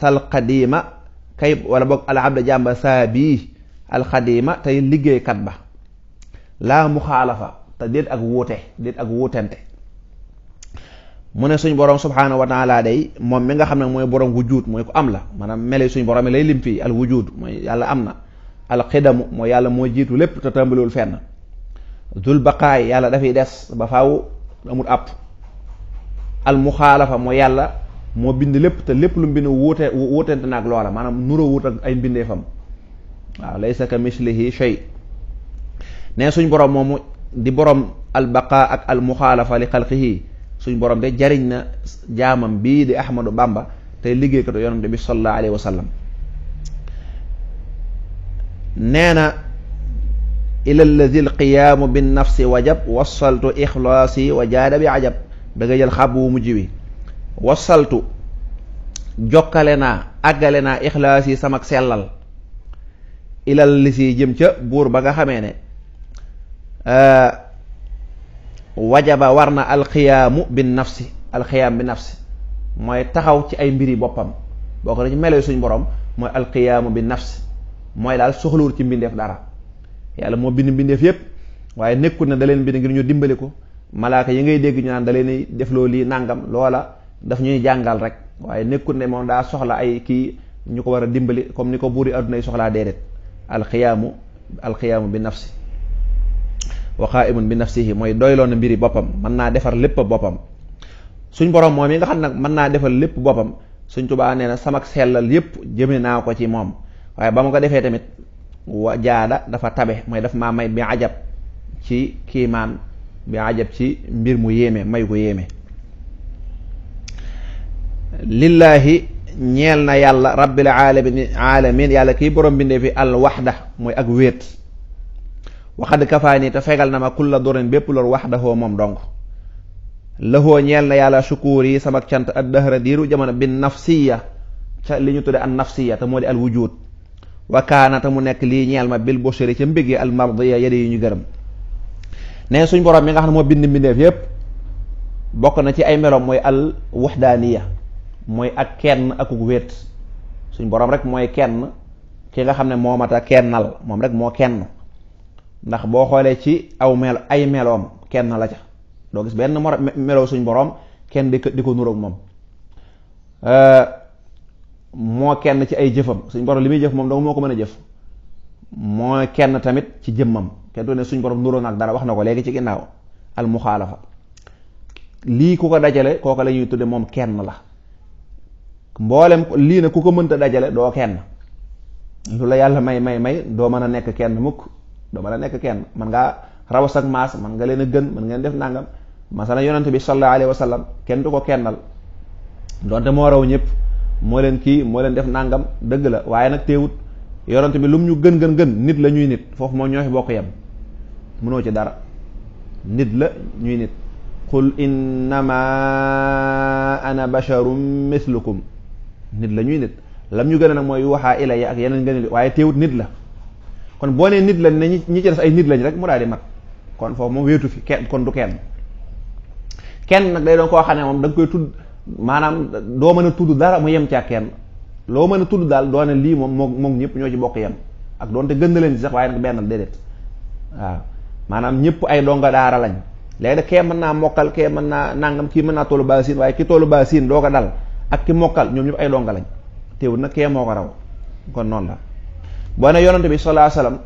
sal qadima kay wala boog al abda jaamba saabii al qadima tey liggéeykat ba laa muxaalafa te déet ak wuute déet ak wuutente mu ne suñ borom subhaanahu wa taala moom mi nga xam ne mooy borom wujud mooy ko am la maanaam mele suñ borom lay lim fii al wujud mooy yàlla am na al xidamu mooy yàlla moo jiitu lépp te tàmbaliwul fenn dul baqaay yàlla dafay des ba faaw amul àpp al muxaalafa mooy yàlla moo bind lépp te lépp lu mu bind wuute wuutente naag loola maanaam nuroo wuut ak ay mbindeefam waaw laysa ka mislihi suñ borom borom al baqa ak borom de jariñ na jaamam bii di Ahmadou Bamba tey liggéeykatu yonante bi sallallahu alayhi wa sallam nee na ila alladi alqiyaamu nafsi wajab wasaltu ixlaasi wa jaada bi ajab da nga jël xàbb wu mujj wi wasaltu jokkale naa àggale naa ixlaas yi samak sellal ilal li si jëm ca buur ba nga xamee ne euh, wajaba war na alxiyaamu bi nafsi alxiyaam bi nafsi mooy taxaw ci ay mbiri boppam boo ko dañu melee suñ borom mooy alxiyaamu bi nafsi mooy daal soxlawul ci mbindeef dara yàlla moo bind mbindeef yépp waaye nekkul na da leen bind ngir ñu dimbali ko malaaka yi ngay dégg ñu naan da leen def loo lii nàngam loola daf ñuy jàngal rek waaye nekkul ne moom daa soxla ay kii ñu ko war a dimbali comme ni ko buuri adduna yi soxlaa déedéet alxiyaamu alxiyaamu bi nafsi wa xaaimun bi nafsihi mooy doyloon na mbiri boppam mën naa defar lépp boppam suñ borom moom yi nga xam nag mën naa defar lépp boppam suñ tubaa nee na sama sellal yépp jëme naa ko ci moom waaye ba ma ko defee tamit wa jaada dafa tabe mooy daf maa may bi ajab ci kiimaan bi ajab ci mbir mu yéeme may gu yéeme lillaahi ñeel na yàlla rabbil alamin alamin yàlla kii borom bindee fi al waxda mooy ak wéet waxad kafaani te fegal na ma kulla dorin bépp loolu lor waxdahoo moom dong lahoo ñeel na yàlla sukuur yi sama cant ak dahra diiru jamono bi nafsiya ca li ñu tuddee an nafsiya te moo di al wujud wa kaana te mu nekk lii ñeel ma bil bushri ca mbigi al mardiya yëre yi ñu gërëm ne suñ borom mi nga xam ne moo bind mbindeef yépp bokk na ci ay meloom mooy al waxdaaniya mooy ak kenn ak akuk wéet suñ borom rek mooy kenn ki nga xam ne moo mat a moom rek moo kenn ndax boo xoolee ci aw mel ay meloom kenn la ca doo gis benn meloo suñ borom kenn di ko di ko nuroog moom euh, moo kenn ci ay jëfam suñ borom li muy jëf moom dong moo ko mën a jëf moo kenn tamit ci jëmmam kenn doon suñ borom nuróo nag dara wax na ko léegi ci ginnaaw al muxaalafa lii ku ko dajale kooka la ñuy tudde moom kenn la mboolem lii ne ku ko mënta dajale doo kenn lu la yàlla may may may doo mën a nekk kenn mukk doo mën a nekk kenn mën ngaa rawas ak maas mën nga leen a gën mën ngeen def nangam masala yonent bi sallallahu alayhi wa kenn du ko kennal donte moo raw ñépp moo leen kii moo leen def nangam dëgg la waaye nag teewut yonent bi lu mu ñu gën gën gën nit la ñuy nit foofu moom ñoo fi bokk yem mënoo ci dara nit la ñuy nit qul innama ana basharum mislukum nit la ñuy nit lam ñu gën a nag mooy waxaa ila ak yeneen gën a waaye teewut nit la kon boo nee nit la ne ñi ci des ay nit lañ rek mu daal di mat kon foofu moom wéetu fi kenn kon du kenn kenn nag day doon koo xam ne moom da koy tudd maanaam doo mën a tudd dara mu yem ca kenn loo mën a tudd daal doone lii moom moom moom ñëpp ñoo ci bokk yem ak doonte gën na leen ci sax waaye nag benn déedéet waaw maanaam ñëpp ay donga daara lañ léegi da kee mën naa mokkal kee mën naa nanga kii mën naa toolu baasin waaye ki toolu baasin doo ko dal ak ki mokkal ñoom ñëpp ay donga lañ teewul nag kee moo ko raw kon noonu la boo ne yonante bi sallallahu alayhi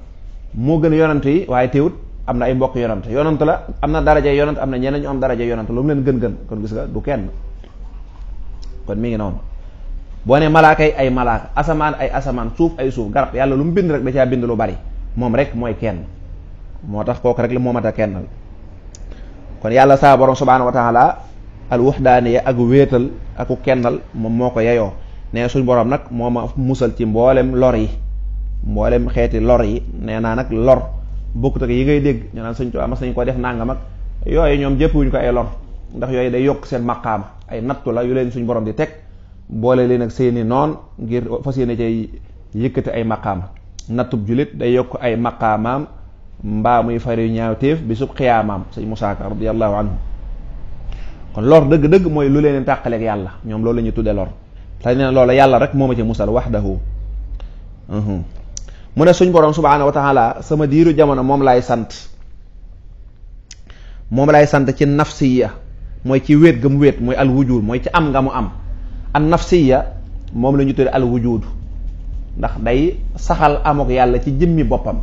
moo gën a yonante yi waaye teewut am na ay mbokk yonant yonant la am na daraja yonant am na ñeneen ñu am daraja yonant lu mu leen gën-gën kon gis nga du kenn kon mi ngi noonu boo ne malaaka yi ay malaaka asamaan ay asamaan suuf ay suuf garab yàlla lu mu bind rek da caa bind lu bari moom rek mooy kenn moo tax kooku rek la a kennal kon yàlla saa borom subhaanahu wa taala al wuxdaaniya ak wéetal aku kennal moom moo ko yeyoo nee suñ borom nag moo ma musal ci mbooleem lor yi mboolem xeeti lor yi nee naa nag lor bokkut ak yi ngay dégg ñu naan suñ tubaab mas nañ ko def nangam ak yooyu ñoom jëppuwuñ ko ay lor ndax yooyu day yokk seen maqaama ay nattu la yu leen suñ borom di teg boole leen ak seeni noon ngir fas yéene cay yëkkati ay maqaama nattub jullit day yokk ay maqaamaam mbaa muy fari ñaawteef bi sub xiyaamaam sëñ Musaa Ka radiyallahu anhu kon lor dëgg-dëgg mooy lu leen tàqaleeg yàlla ñoom loolu la ñuy tuddee lor te nee na yàlla rek moo ma ci musal wahdahu mu ne suñ borom subhaanahu wa sama diiru jamono moom laay sant moom laay sant ci nafsiya mooy ci wéet ga mu wéet mooy al wujur mooy ci am nga mu am an nafsiya moom la ñu tuddee al wujudu ndax day saxal amok yàlla ci jëmmi boppam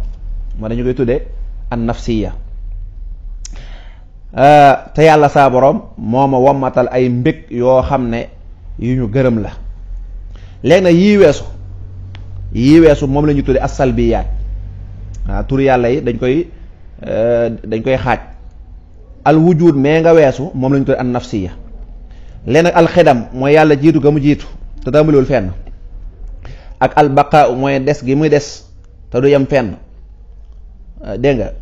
moo dañu koy tuddee an nafsiya euh, te yàlla saa borom moo ma wommatal ay mbég yoo xam ne yu ñu gërëm la léegi nag yii weesu yii weesu moom la ñu tuddee asalbiyaat waaw tur yàlla yi dañ koy euh, dañ koy xaaj al wujud mais nga weesu moom la ñu tuddee an nafsiya leen ak alxidam mooy yàlla jiitu ga mu jiitu te daamulewul fenn ak albaqaa mooy des gi muy des te du yem fenn euh, dégg nga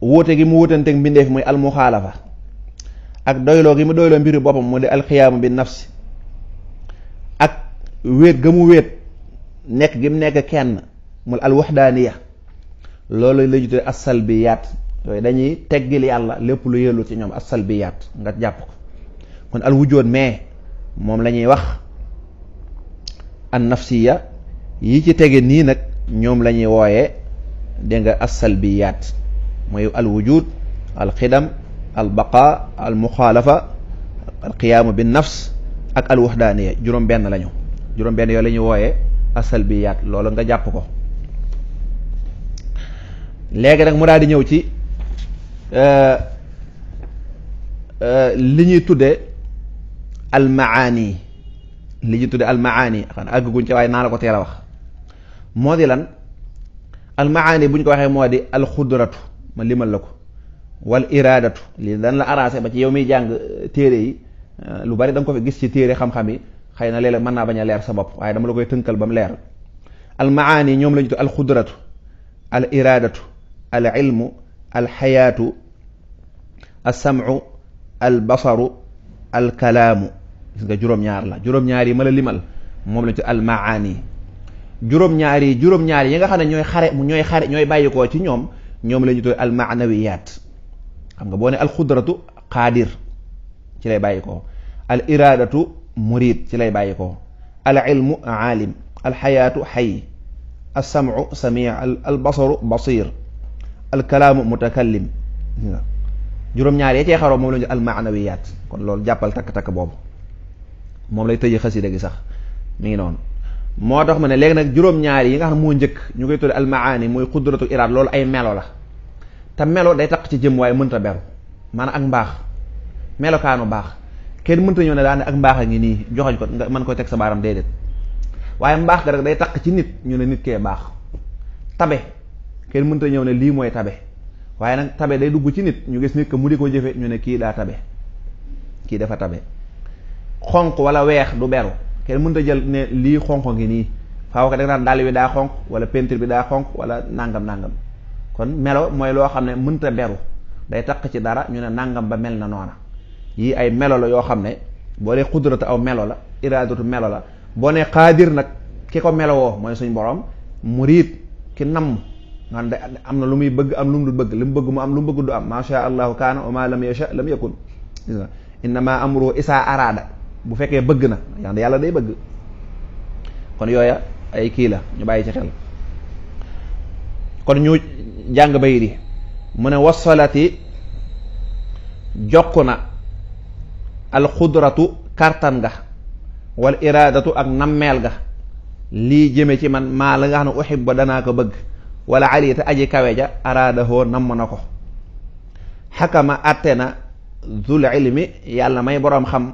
wóote gi mu wóotanteeg mbindeef muy almuxaalafa ak doyloo gi mu doyloo mbiru boppam mu di alxiyaamu bi nafsi ak wéet ga mu wéet nekk gi mu nekk kenn mu alwaxdaaniya loolu la juddee asalbiyaat yooyu dañuy teggil yàlla lépp lu yellu ci ñoom asalbiyaat nga jàpp ko kon al wujjoon mais moom lañuy wax an nafsiya yi ci tege nii nag ñoom la ñuy wooyee dégg nga assalbiyaat mooy al wujud al xidam al baqa al muxaalafa al qiyaamu bin nafs ak al waxdaaniya juróom benn lañu juróom benn yooyu la ñuy wooyee assalbiyaat loolu nga jàpp ko léegi nag mu daal di ñëw ci euh, euh, li ñuy tudde almaani li ñu tudde almaani xam àgguñ ca waaye naa la ko teel a wax moo di lan almaani bu ñu ko waxee moo di alxudratu ma limal la ko wal iraadatu lii dan la arrangé ba ci yow mi jàng euh, téere yi euh, lu bari da nga ko gis ci téere xam-xam yi xëy na léeg-léeg mën naa bañ a leer sa bopp waaye dama la koy tënkal ba mu leer almaani ñoom la ñu tudde alxudratu al iraadatu al ilmu al xayaatu al samcu al gis nga juróom-ñaar la juróom-ñaar yi ma la limal moom lañ ci almaani juróom-ñaar yi juróom yi nga xam ne ñooy xare ñooy xare ñooy bàyyikoo ci ñoom ñoom la ñu tuddee almaanawiyaat xam nga boo ne alxudratu qaadir ci lay bàyyikoo al iraadatu murid ci lay bàyyikoo al ilmu aalim al xayaatu xay al samcu sami al basaru basir al kalaamu mutakallim juróom-ñaar yee cee xaroo moom la ñu almaanawiyaat kon loolu jàppal takk-takk boobu moom lay tëjee xasida gi sax mi ngi noonu moo tax ma ne léegi nag juróom-ñaar yi nga xam ne moo njëkk ñu koy tudde almaani mooy xudratu iraad loolu ay melo la te melo day taq ci jëm waaye mënta beru maanaam ak mbaax melokaanu baax kenn mënta ñëw ne daane ak mbaax a ngi nii joxoñ ko nga mën koy teg sa baaram déedéet waaye mbaax ga rek day taq ci nit ñu ne nit kee baax tabe kenn mënta ñëw ne lii mooy tabe waaye nag tabe day dugg ci nit ñu gis nit que mu di ko jëfe ñu ne kii daa kii dafa tabe xonq wala weex du beru kenn mënut a jël ne lii xonq ngi nii faaw ko da nga naan bi daa xonq wala peinture bi daa xonq wala nangam nangam kon melo mooy loo xam ne mënut a beru day taq ci dara ñu ne nangam ba mel na noona yii ay melo la yoo xam ne boo dee xudratu aw melo la iraadatu melo la boo ne xaadir nag ki ko melowoo mooy suñ borom riit ki namm nga da am na lu muy bëgg am lu mu du bëgg li mu bëgg am lu mu bëgg du am ma sha allahu kaana wa ma lam yasha araada bu fekkee bëgg na yaa yàlla day bëgg kon yooya ay kii la ñu bàyyi ci xel kon ñu jàng bay di mu ne wasalati jokk na alxudratu kartan ga wal iraadatu ak nammeel ga lii jëme ci man maa la nga xam ne uxib ba danaa ko bëgg wala ali a aji kawe ja araadahoo namm na ko xakama atte na zul ilmi yàlla may boroom xam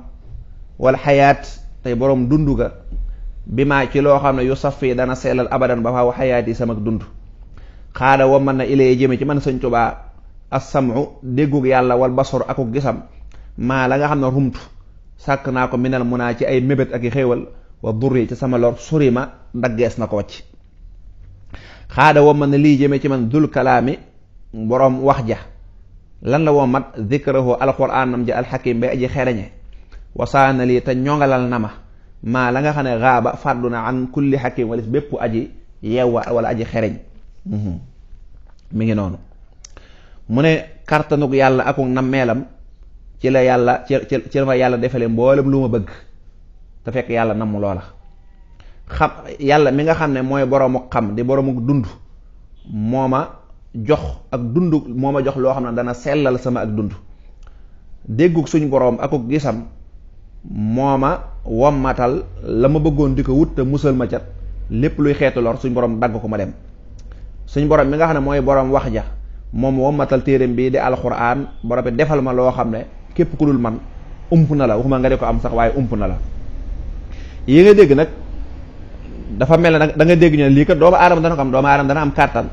wal xayaat tey boroom dund ga bi ma ci loo xam ne yu saf fii dana sellal abadan ba faaw xayaat yi samag dund xaada wa man na ilee jëme ci man sëñ Tuubaa sama déggug yàlla wal basor akuk gisam maa la nga xam ne rumtu sàkk naa ko minal mun naa ci ay mébét ak i xéewal wa durri ci sama lor suri ma daggees na ko wacc xaada wa man na lii jëme ci man dul kalaami boroom wax ja lan la woo mat zikrahu alquranam ja alxakim bay aji xereñe wasaanali te ñongalal na ma maa la nga xam ne raaba fàddu na an kulli xakim walis aji yeewa wala aji xereñ mhm. mi ngi noonu mu ne kartanug yàlla akuk nammeelam ci la yàlla ci la ma yàlla defale mboolem lu ma bëgg te fekk yàlla namu loola xam yàlla mi nga xam ne mooy boroomu xam di boroomu dund moo ma jox ak dund moo ma jox loo xam ne dana sellal sama ak dund déggug suñ boroom akuk gisam moo ma wommatal la ma bëggoon di ko wut te musal ma cat lépp luy xeetu lor suñ borom dagg ko ma dem suñ borom mi nga xam ne mooy borom wax ja moom wommatal téereem bi di alxuraan borom bi defal ma loo xam ne képp ku dul man ump na la waxuma nga di ko am sax waaye ump na la yi nga dégg nag dafa mel ne da nga dégg ñu ne lii ko doomu aadama dana ko am doomu aadama dana am kàttan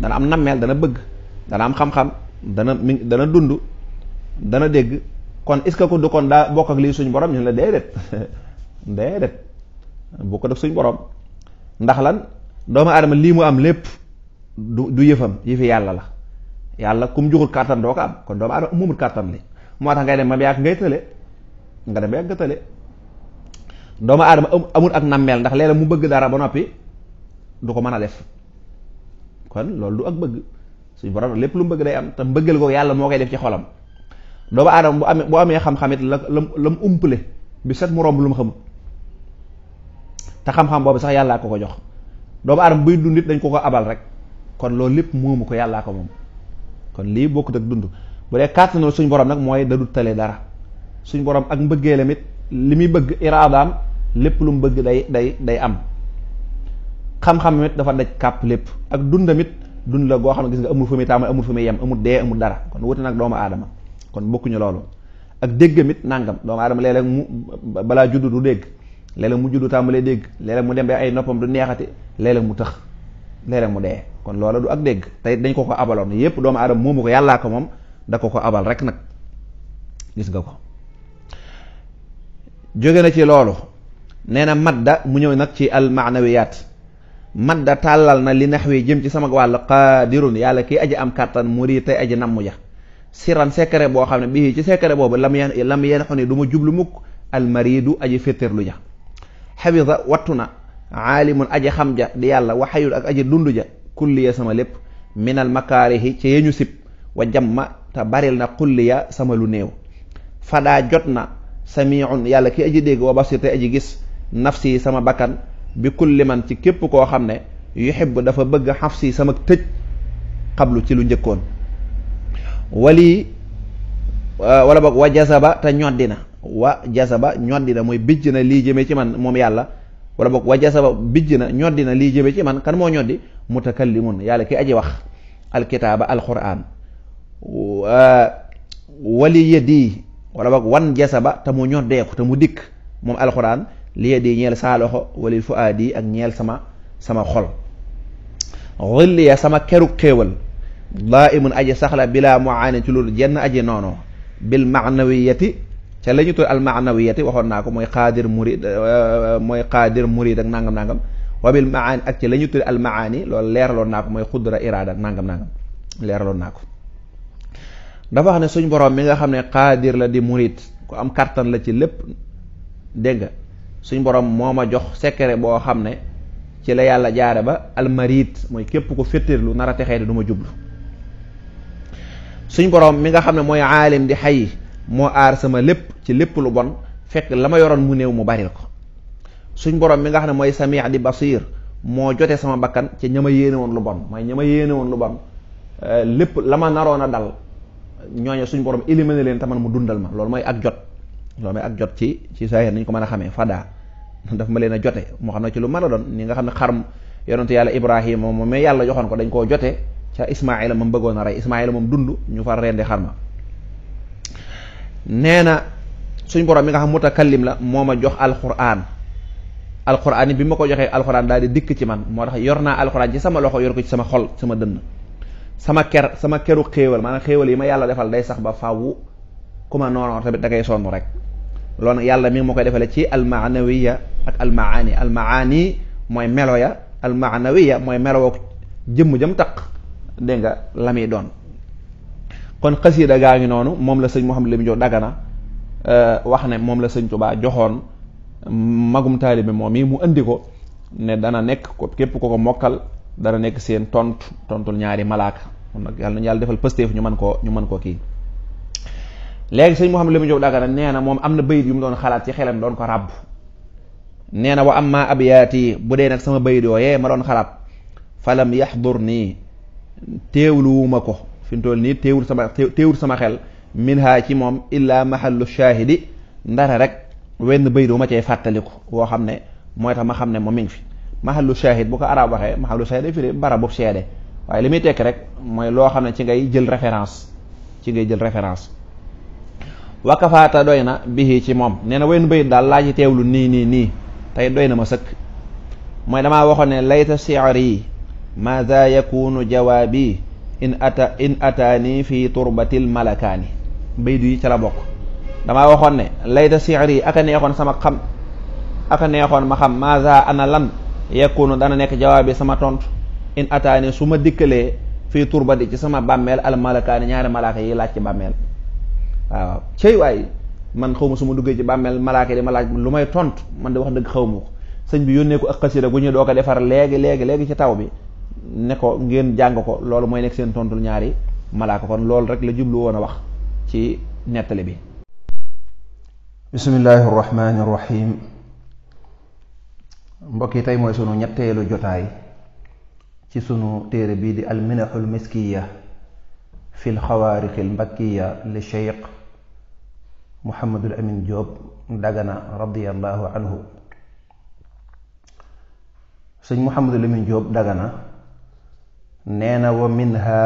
dana am nammeel dana bëgg dana am xam-xam dana dund dana dégg kon est-ce que ko du kon daa bokk ak lii suñ borom ñu la dee déedéet *laughs* déedéet bu ko def suñ borom ndax lan doomu adama lii mu am lépp du du yëfam yëfi yàlla la yàlla ku mu joxul kàttan doo ko am kon doomu aadama mumul kàttan li moo tax ngay dem ma ba yàgg ngay tële nga dem ba yàgg nga tële doomu aadama amul ak nammeel ndax léeg-léeg mu bëgg dara ba noppi du ko mën a def kon loolu du ak bëgg suñ borom lépp lu mu bëgg day am te mbëggal ko yàlla moo koy def ci xolam doomu aadama bu amee bu amee xam-xam la la la mu umpale bi set mu lu mu xamul te xam-xam boobu sax yàllaa ko ko jox doomu aadama buy dund it dañ ko ko abal rek kon loolu lépp moomu ko yàllaa ko moom kon lii bokkut ak dund bu dee kàttanal suñ borom nag mooy dadu tale dara suñ borom ak mbëggeelam it li muy bëgg iraadaam lépp lu mu bëgg day day day am xam-xam dafa daj kàpp lépp ak dundamit dund la goo xam ne gis nga amul fu muy tàmbali amul fu muy yem amul dee amul dara kon wuti nag doomu aadama kon bokkuñu loolu ak déggam nàngam doomu aadama léeg-léeg mu balaa juddu du dégg léeg mu juddu tàmbalee dégg léeg mu dem ba ay noppam du neexati léeg-léeg mu tëx léeg mu dee kon loola du ak dégg tey dañ ko ko abaloon yépp doomu aadama moomu ko yàllaa ko moom da ko ko abal rek nag gis nga ko jóge na ci loolu nee na madda mu ñëw nag ci al maanawiyaat madda tàllal na li nax wi jëm ci sama wàll qaadirun yàlla kii aji am kàttan muri tey aji nammu ja siran secret boo xam ne bii ci secret boobu lam yen lam yen xu ni du ma jublu mukk almaridu aji féttéerlu ja xafisa wattu na aalimun aji xam ja di yàlla waxayul ak aji dund ja kulliya sama lépp minal makaarihi ca yeñu sib wa ma te baril na kulliya sama lu néew fadaa jot na samiun yàlla ki aji dégg wa basir te aji gis nafsi sama bakkan bi kulli ci képp koo xam ne yu yuhibbu dafa bëgg xaf si sama tëj xablu ci lu njëkkoon wali euh, wala boog wa jasaba te ñoddi na wa jasaba ñoddi na mooy bijj na lii jëmee ci man moom yàlla wala boog wa jasaba bijj na ñoddi na lii jëmee ci man kan moo ñoddi mutakallimun yàlla ki aji wax alkitaaba alquran euh, wali yadi wala boog wan jasaba te mu ñoddeeku te mu dikk moom alquran li yadi ñeel saa loxo fuaadi ak ñeel sama sama xol xilliya sama keruk xéewal daa'imun aji saxla bilaa muaanin ci loolu jenn aji noonu bil maanawiyati ca la ñu tudd al maanawiyati waxoon naa ko mooy xaadir murid euh, mooy xaadir murid ak nangam nangam wa ak ci la ñu tudd al maani loolu leeraloon naa ko nangam nangam leeraloon naa ko dafa wax ne suñ borom mi nga xam ne xaadir la di murid ku am kàttan la ci lépp dégg nga suñ borom moo ma jox secret boo xam ne ci la yàlla jaare ba almarit mooy képp ko lu nar a texee di du ma jublu suñ borom mi nga xam ne mooy aalim di xay moo aar sama lépp ci lépp lu bon fekk la ma yoroon mu néew mu bari ko suñ borom mi nga xam ne mooy sami di basir moo jote sama bakkan ci ña ma yéene woon lu bon mooy ña ma yéene woon lu bon euh, lépp la ma naroon a dal ñooñu suñ borom éliminé leen taman mu dundal ma loolu mooy ak jot loolu mooy ak jot ci ci saa nañ ko mën a xamee fadaa *laughs* daf ma leen a jote moo xam ne ci lu man a doon ni nga xam ne xar yonente yàlla Ibrahima moom mais yàlla joxoon ko dañ koo jote ca Ismaayla moom bëggoon a rey Ismaayla moom dund ñu far rendi xar ma nee na suñ borom mi nga xam mutakallim la moo ma jox alquran alquran yi bi ma ko joxee alquran daal di dikk ci man moo tax yor naa alquran ci sama loxo yor ko ci sama xol sama dënn sama ker sama keru xéewal maanaam xéewal yi ma yàlla defal day sax ba faaw ku ma noonoor tamit da ngay sonn rek loolu nag yàlla mi ma koy defalee ci almaanawiya ak almaani almaani mooy melo ya almaanawiya mooy melo jëmm jëm taq dégg nga la muy doon kon xasiida gaa ngi noonu moom la sëñ Mouhamadou Lamine Diop Dagana euh, wax ne moom la sëñ Tuubaa joxoon magum taalibe moom yi mu indi ko ne dana nekk ko képp ko ko mokkal dana nekk seen tontu tontul ñaari malaaka kon nag yàlla nañu yàlla defal pësteef ñu mën koo ñu mën ko kii léegi sëñ xam Mouhamadou mu Diop Dagana nee na moom am na bayit yu mu doon xalaat ci xelam doon ko ràbb nee na wa am maa yi bu dee nag sama bayit yooyee ma doon xalaat falam yaxdur nii teewluwuma ko fi mu toll nii teewul sama teewul sama xel min ci moom illaa mahallu shahidi ndara rek wenn bayit bu ma cee fàttaliku woo xam ne mooy tax ma xam ne moom mi ngi fi lu shahid bu ko arab waxee mahallu shahid day firi bara bu seede waaye li muy tekk rek mooy loo xam ne ci ngay jël référence ci ngay jël référence wakafaata doy na bihi ci moom nee na wenn bayit daal laa ci teewlu nii nii nii tey doy na ma sëkk mooy damaa waxoon yi maada yakunu jawaabi in ata in ataani fi turbatil malakaani baydu yi ca la bokk damaa waxoon ne layta siir yi aka neexoon sama xam aka neexoon ma xam maada ana lan yakunu dana nekk jawaabi sama tont in ataani su ma dikkalee fii turbati ci sama bàmmeel al malakaani ñaari malaaka yi laaj ci bàmmeel waaw cey waay man xaw su ma duggee ci bàmmeel malaaka yi di ma laaj lu may tont man di wax dëgg xaw ma sëñ bi yónnee ko ak xasida gu ñu doo ko defar léegi léegi léegi ci taw bi ne ko ngeen jàng ko loolu mooy nekk seen tontul ñaari malaaka kon lool rek la jublu woon a wax ci nettali bi bismillahi arrahmani irrahim mbokk yi tey mooy sunu ñetteelu jotaay ci sunu téere bii di alminaxul miskiya fi lxawaarixil mbakkiya li cheikh muhammadul amin Diop dagana radiallahu anhu sëñ muhammadul amin Diop dagana nee na wa minha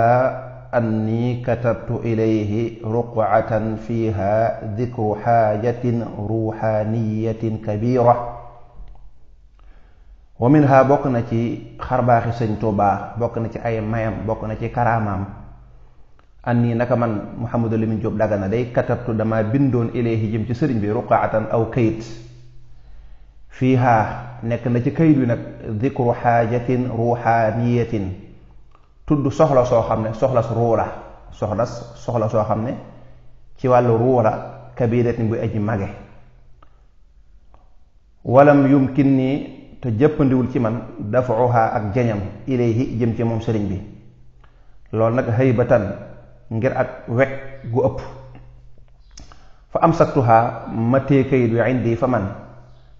anni katabtu ilayhi ruqatan fiha dikru xaajatin ruuxaaniyatin kabira wa minha bokk na ci xarbaaxi sëñ Tuubaa bokk na ci ay mayam bokk na ci karaamaam anni naka man Mouhamadou Lamine Diop Dagana day katabtu dama bindoon ilayhi jëm ci sëriñ bi ruqatan aw kayit fiha nekk na ci kayit wi nag dikru xaajatin ruuxaaniyatin tudd soxla soo xam ne soxlas ruu soxla soo xam ne ci wàllu ruu la kabiratin aji mage walam yumkin nii te jëppandiwul ci man dafuha ak jañam ilayhi jëm ci moom sëriñ bi loolu nag haybatan ngir ak wekk gu ëpp fa amsaktuha ma tee kayit wi indi fa man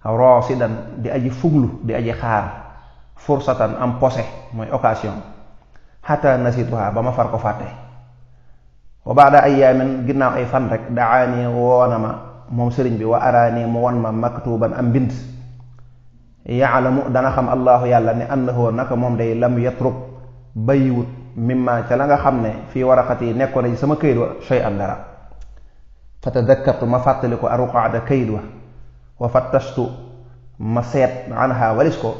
roosidan di aji fuglu di aji xaar fursatan am posé mooy occasion xataa nasituha ba ma far ko wa baada ayaamin ginnaaw ay fan rek daani woona moom sëriñ bi wa araani mu won ma maktuban am mbind yaalamu dana xam allahu yàlla ne annahu naka moom day lam yatruk bàyyiwut mimma ca la nga xam ne fii waraqati nekkoon na sama kayit wa shay an dara fa tadakkartu ma fàttali ko aruqaada kayit wa wa fattastu ma seet anha walis ko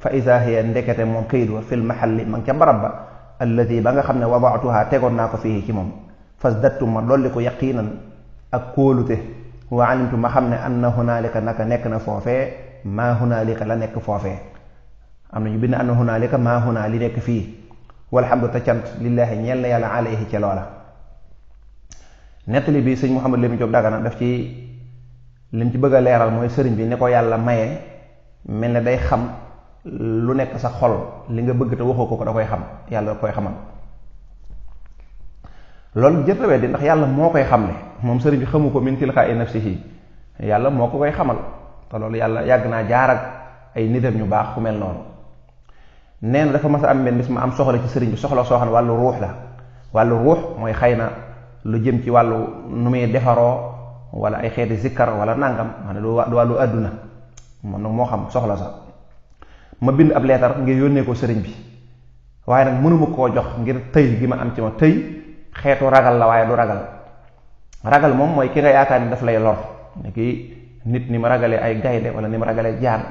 fa iza hiya ndekete moom kayit wa fil ma nga ca barab ba alladi ba nga xam ne wadaatuha tegoon naa ko fii ci moom fasdattu ma dolli ko yaqiinan ak kóolute wa alimtu ma xam ne anna hunaalika naka nekk na foofee maa hunaalika la nekk foofee am na ñu bind anna hunaalika maa hunaa li nekk fii walhamdu te cant lillaahi ñeel na yàlla alayhi ca loola nettali bi sëñ Mouhamadou Lamine Diop Dagana daf ci lim ci bëgg a leeral mooy sëriñ bi ni ko yàlla maye mel na day xam lu nekk sa xol li nga bëgg te waxoo ko ko da koy xam yàlla da koy xamal loolu jërta weddi ndax yàlla moo koy xam ne moom sëriñ bi xamu ko min tilqaa'i nafsihi yàlla moo ko koy xamal te loolu yàlla yàgg naa jaar ak ay nitam ñu baax ku mel noonu nee dafa mas am benn mu am soxla ci sëriñ bi soxla soo xam ne wàllu ruux la wàllu ruux mooy xay na lu jëm ci wàllu nu muy defaroo wala ay xeeti zikkar wala nangam maanaam du wàllu àdduna moom nag moo xam soxla ma bind ab leetar ngir yónnee ko sëriñ bi waaye nag mënuma koo jox ngir tëy gi ma am ci ma tëy xeetu ragal la waaye du ragal ragal moom mooy ki nga yaakaar ni daf lay lor ni ki nit ni ma ragalee ay gaynde wala ni ma ragalee jaan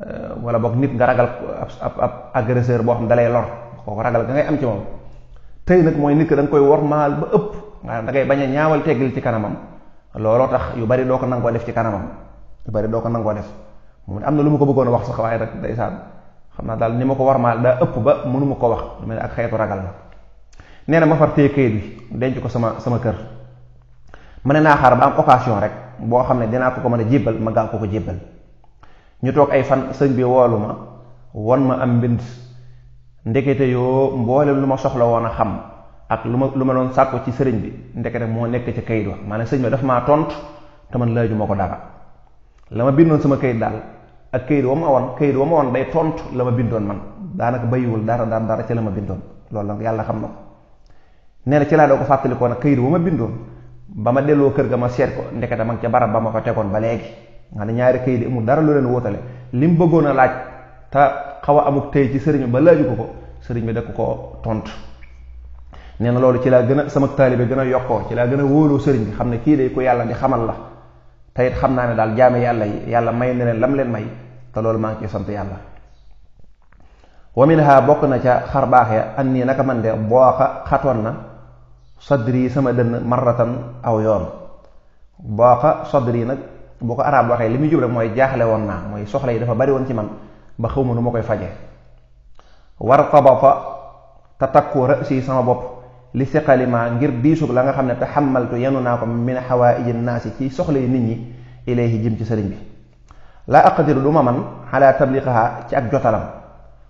euh, wala boog nit nga ragal ab ab agresseur boo xam dalay lor koo ragal ga ngay am ci moom tëy nag mooy nit ki da nga koy wormaal ba ëpp maanaam da ngay bañ a ñaawal teggil ci kanamam looloo tax yu bari doo ko nangoo def ci kanamam yu bari doo ko nangoo def mu ne am na lu ma ko bëggoon a wax sax waaye rek ndeysaan xam naa daal ni ma ko war maal daa ëpp ba mënuma ko wax lu mel ne ak xeetu ragal la nee na ma far téye kayit bi denc ko sama sama kër ma ne naa xaar ba am occasion rek boo xam ne dinaa ko ko mën a jébbal ma gaaw ko ko jébbal ñu toog ay fan sëñ bi woolu ma won ma am mbind ndekete yoo mboolem lu ma soxla woon a xam ak lu ma lu ma doon sàkko ci sëriñ bi ndekete moo nekk ci kayit wa maanaam sëñ bi dafa maa tont te man laaju ma ko dara la ma bindoon sama kayit daal ak kayit wa ma woon kayit wa ma woon day tontu la ma bindoon man daanaka bayiwul dara dara dara ca la ma bindoon loolu la yàlla xam na ko ci laa ko fàttalikoo nag kayit wa ma bindoon ba ma delloo kër ga ma seet ko ndekete ma ca barab ba ma ko tegoon ba léegi nga ne ñaari kayit amul dara lu leen wóotale li mu bëggoon a laaj te xaw a amuk tey ci sëriñ ba laaju ko ko sëriñ bi da ko koo tontu. nee na loolu ci laa gën a sama taalibe gën a yokkoo ci laa gën a wóoloo sëriñ bi xam ne kii day ko yàlla di xamal la te xam naa ne daal jaame yàlla yi yàlla may na lam leen may te loolu maa ngi ciy sant yàlla wa bokk na ca xar baax ya an nii naka man de booxa xatoon na sadri sama dënn marratan aw yoon booxa sadri nag boo ko arab waxee li muy jub mooy jaaxle woon naa mooy soxla yi dafa bari woon ci man ba xaw ma nu ma koy faje war tabata te takku rësi sama bopp li siqalima ngir diisug la nga xam ne te xamaltu yenu naa ko mu ne min xawaaiji naasi ci soxla yi nit ñi ilayhi jëm ci sëriñ bi laa aqdiru du ma man ala tabliqaha ci ak jotalam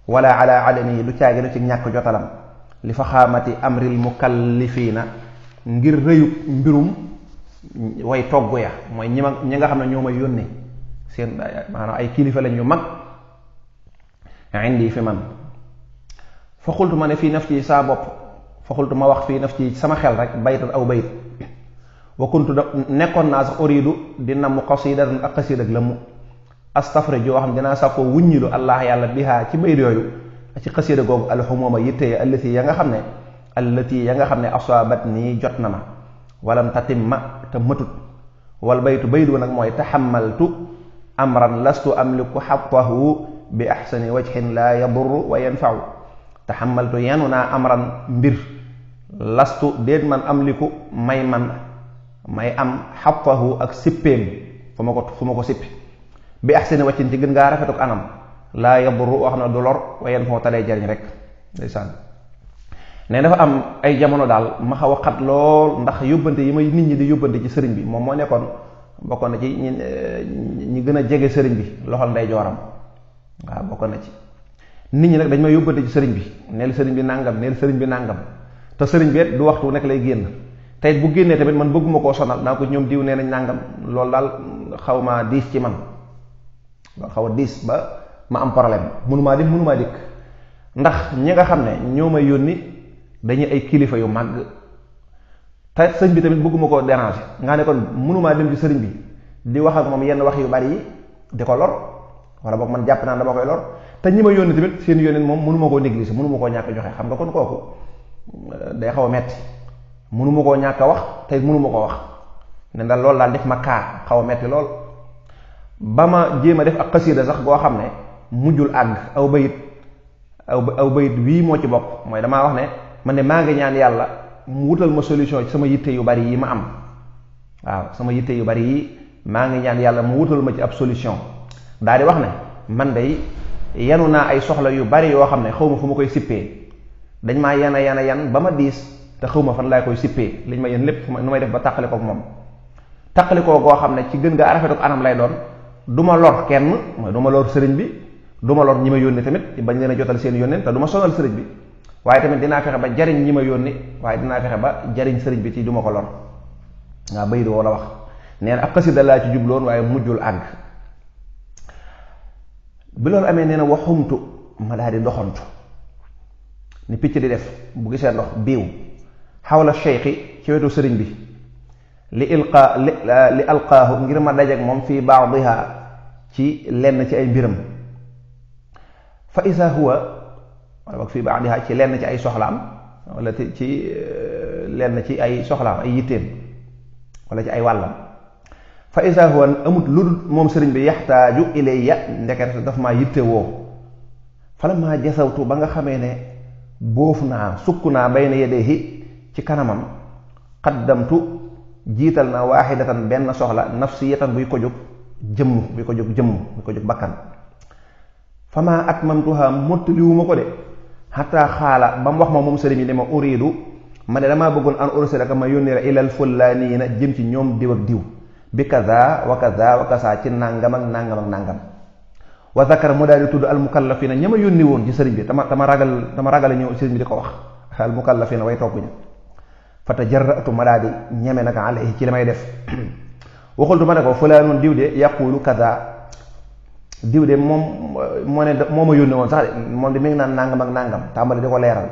wala ala adami yi du caaginu ci ñàkk jotalam li faxaamati amril mukallifiina ngir rëyu mbirum way togg ya mooy ñi ma ñi nga xam ne ñoo ma yónnee seen maanaam ay kilifa lañ yu mag indi fi man fa xultu ma ne fii naf ci saa bopp faxultu ma wax fii naf ci sama xel rek baytan aw bayt wa kuntu nekkoon naa sax uridu di namm xasidatan ak xasid ak lëmm astafrij yoo xam dinaa sax ko wuññilu allah yàlla bihaa ci bayt yooyu ci xasida googu alxumuma yitteye allati ya nga xam ne allati ya nga xam ne asaabat nii jot na ma walam tatim ma te wal baytu baydu nag mooy taxamaltu amran lastu amliku xaqahu bi axsani wajhin laa yadurru wa yanfau taxamaltu yenu naa amran mbir lastu déet man am liku may man may am xafahu ak sippeem fu ma ko fu ko sippi bi seen waccin ci gën ngaa rafetuk anam laa yaduru wax na du lor wayen foo talee jariñ rek ndeysaan ne dafa am ay jamono daal ma xaw a xat lool ndax yóbbante yi may nit ñi di yóbbante ci sëriñ bi moom moo nekkoon bokkoon na ci ñi gën a jege sëriñ bi loxol ndey jooram waaw bokkoon na ci nit ñi nag dañ may yóbbante ci sëriñ bi neel sëriñ bi nàngam neel sëriñ bi nàngam te sëriñ bi du waxtu nekk lay génn tey bu génnee tamit man bëgguma koo sonal naa ko ñoom diw nee nañ nàngam loolu daal xaw maa diis ci man xaw a diis ba ma am problème mënumaa dem mënumaa dikk ndax ñi nga xam ne ñoo may yónni dañuy ay kilifa yu mag te sëñ bi tamit bëgguma koo déranger nga ne kon mënumaa dem ci sëriñ bi di wax ak moom yenn wax yu bari yi di ko lor wala boog man jàpp naa dama koy lor te ñi ma yónni tamit seen yónneen moom mënu ma koo négliger mënu ma koo ñàkk joxe xam nga kon kooku euh, day xaw a metti mënu ma koo ñàkk wax te mënu ma koo wax ne ndax loolu daal def ma kaa xaw a metti lool ba ma jéem a def ak xasiida sax goo xam ne mujjul àgg aw bayit aw ba aw bayit wii moo ci bopp mooy damaa wax ne man ne maa ngi ñaan yàlla mu wutal ma solution ci sama yitte yu bari yi ma am waaw sama yitte yu bari yi maa ngi ñaan yàlla mu wutal ma ci ab solution daal di wax ne man day yanu naa ay soxla yu bari yoo xam ne xaw ma fu ma koy sippee dañ maa yen a yan ba ma diis te xaw ma fan laay koy sippee liñ ma yen lépp nu may def ba tàqale moom tàqale koo goo xam ne ci gën nga rafetu anam lay doon du ma lor kenn mooy du ma lor sëriñ bi du ma lor ñi ma yónni tamit bañ leen a jotal seen yónneen te du ma sonal sëriñ bi waaye tamit dinaa fexe ba jariñ ñi ma yónni waaye dinaa fexe ba jariñ sëriñ bi ci du ma ko lor nga bayit woo la wax nee na ab xasida laa ci jubloon waaye mujjul àgg bi loolu amee nee na waxumtu ma daal di doxantu ni picc di def bu gisee ndox biiw xawla cheikhi ci wetu sëriñ bi li ilqa li alqaahu ngir ma dajeek moom fii baadiha ci lenn ci ay mbiram ci lenn ci ay soxlaam wala ci eh, lenn ci ay soxlaam ay yitteem wala ci ay wàllam fa isa huwa amut lu moom sëriñ bi yaxtaaju ilayya ndeket daf maa yitte woo fala maa jasawtu ba nga xamee ne boof naa sukk naa bayna yadayhi ci kanamam xaddamtu jiital na naa waaxidatan benn soxla si nafsiyatan buy ko jóg jëmm buy ko jóg jëmm buy ko jóg bakkan fama atmamtuha mottaliwuma ko de xataa xaala ba mu wax ma moom sëriñ bi ne ma uridu ma ne damaa bëggoon an ursila ka ma yónni la ilal fullaaniina jëm ci ñoom diw ak diw bi kaza wa kaza wa kaza ci nangam ak nangam ak nangam wa zakar mu daal di tudd almukallafina ña ma yónni woon ci sëriñ bi tama tama ragal tama ragale ñëw sëriñ bi di ko wax almukallafina way topp ña fa tajarratu ma daal di ñeme nag alayhi ci li may def *clears throat* waxultu ma ne ko fulaanun diw de yaqulu kaza diw de moom moo ne moo ma yónni woon sax de moom de mi ngi naan nangam ak nangam tàmbali di ko leeral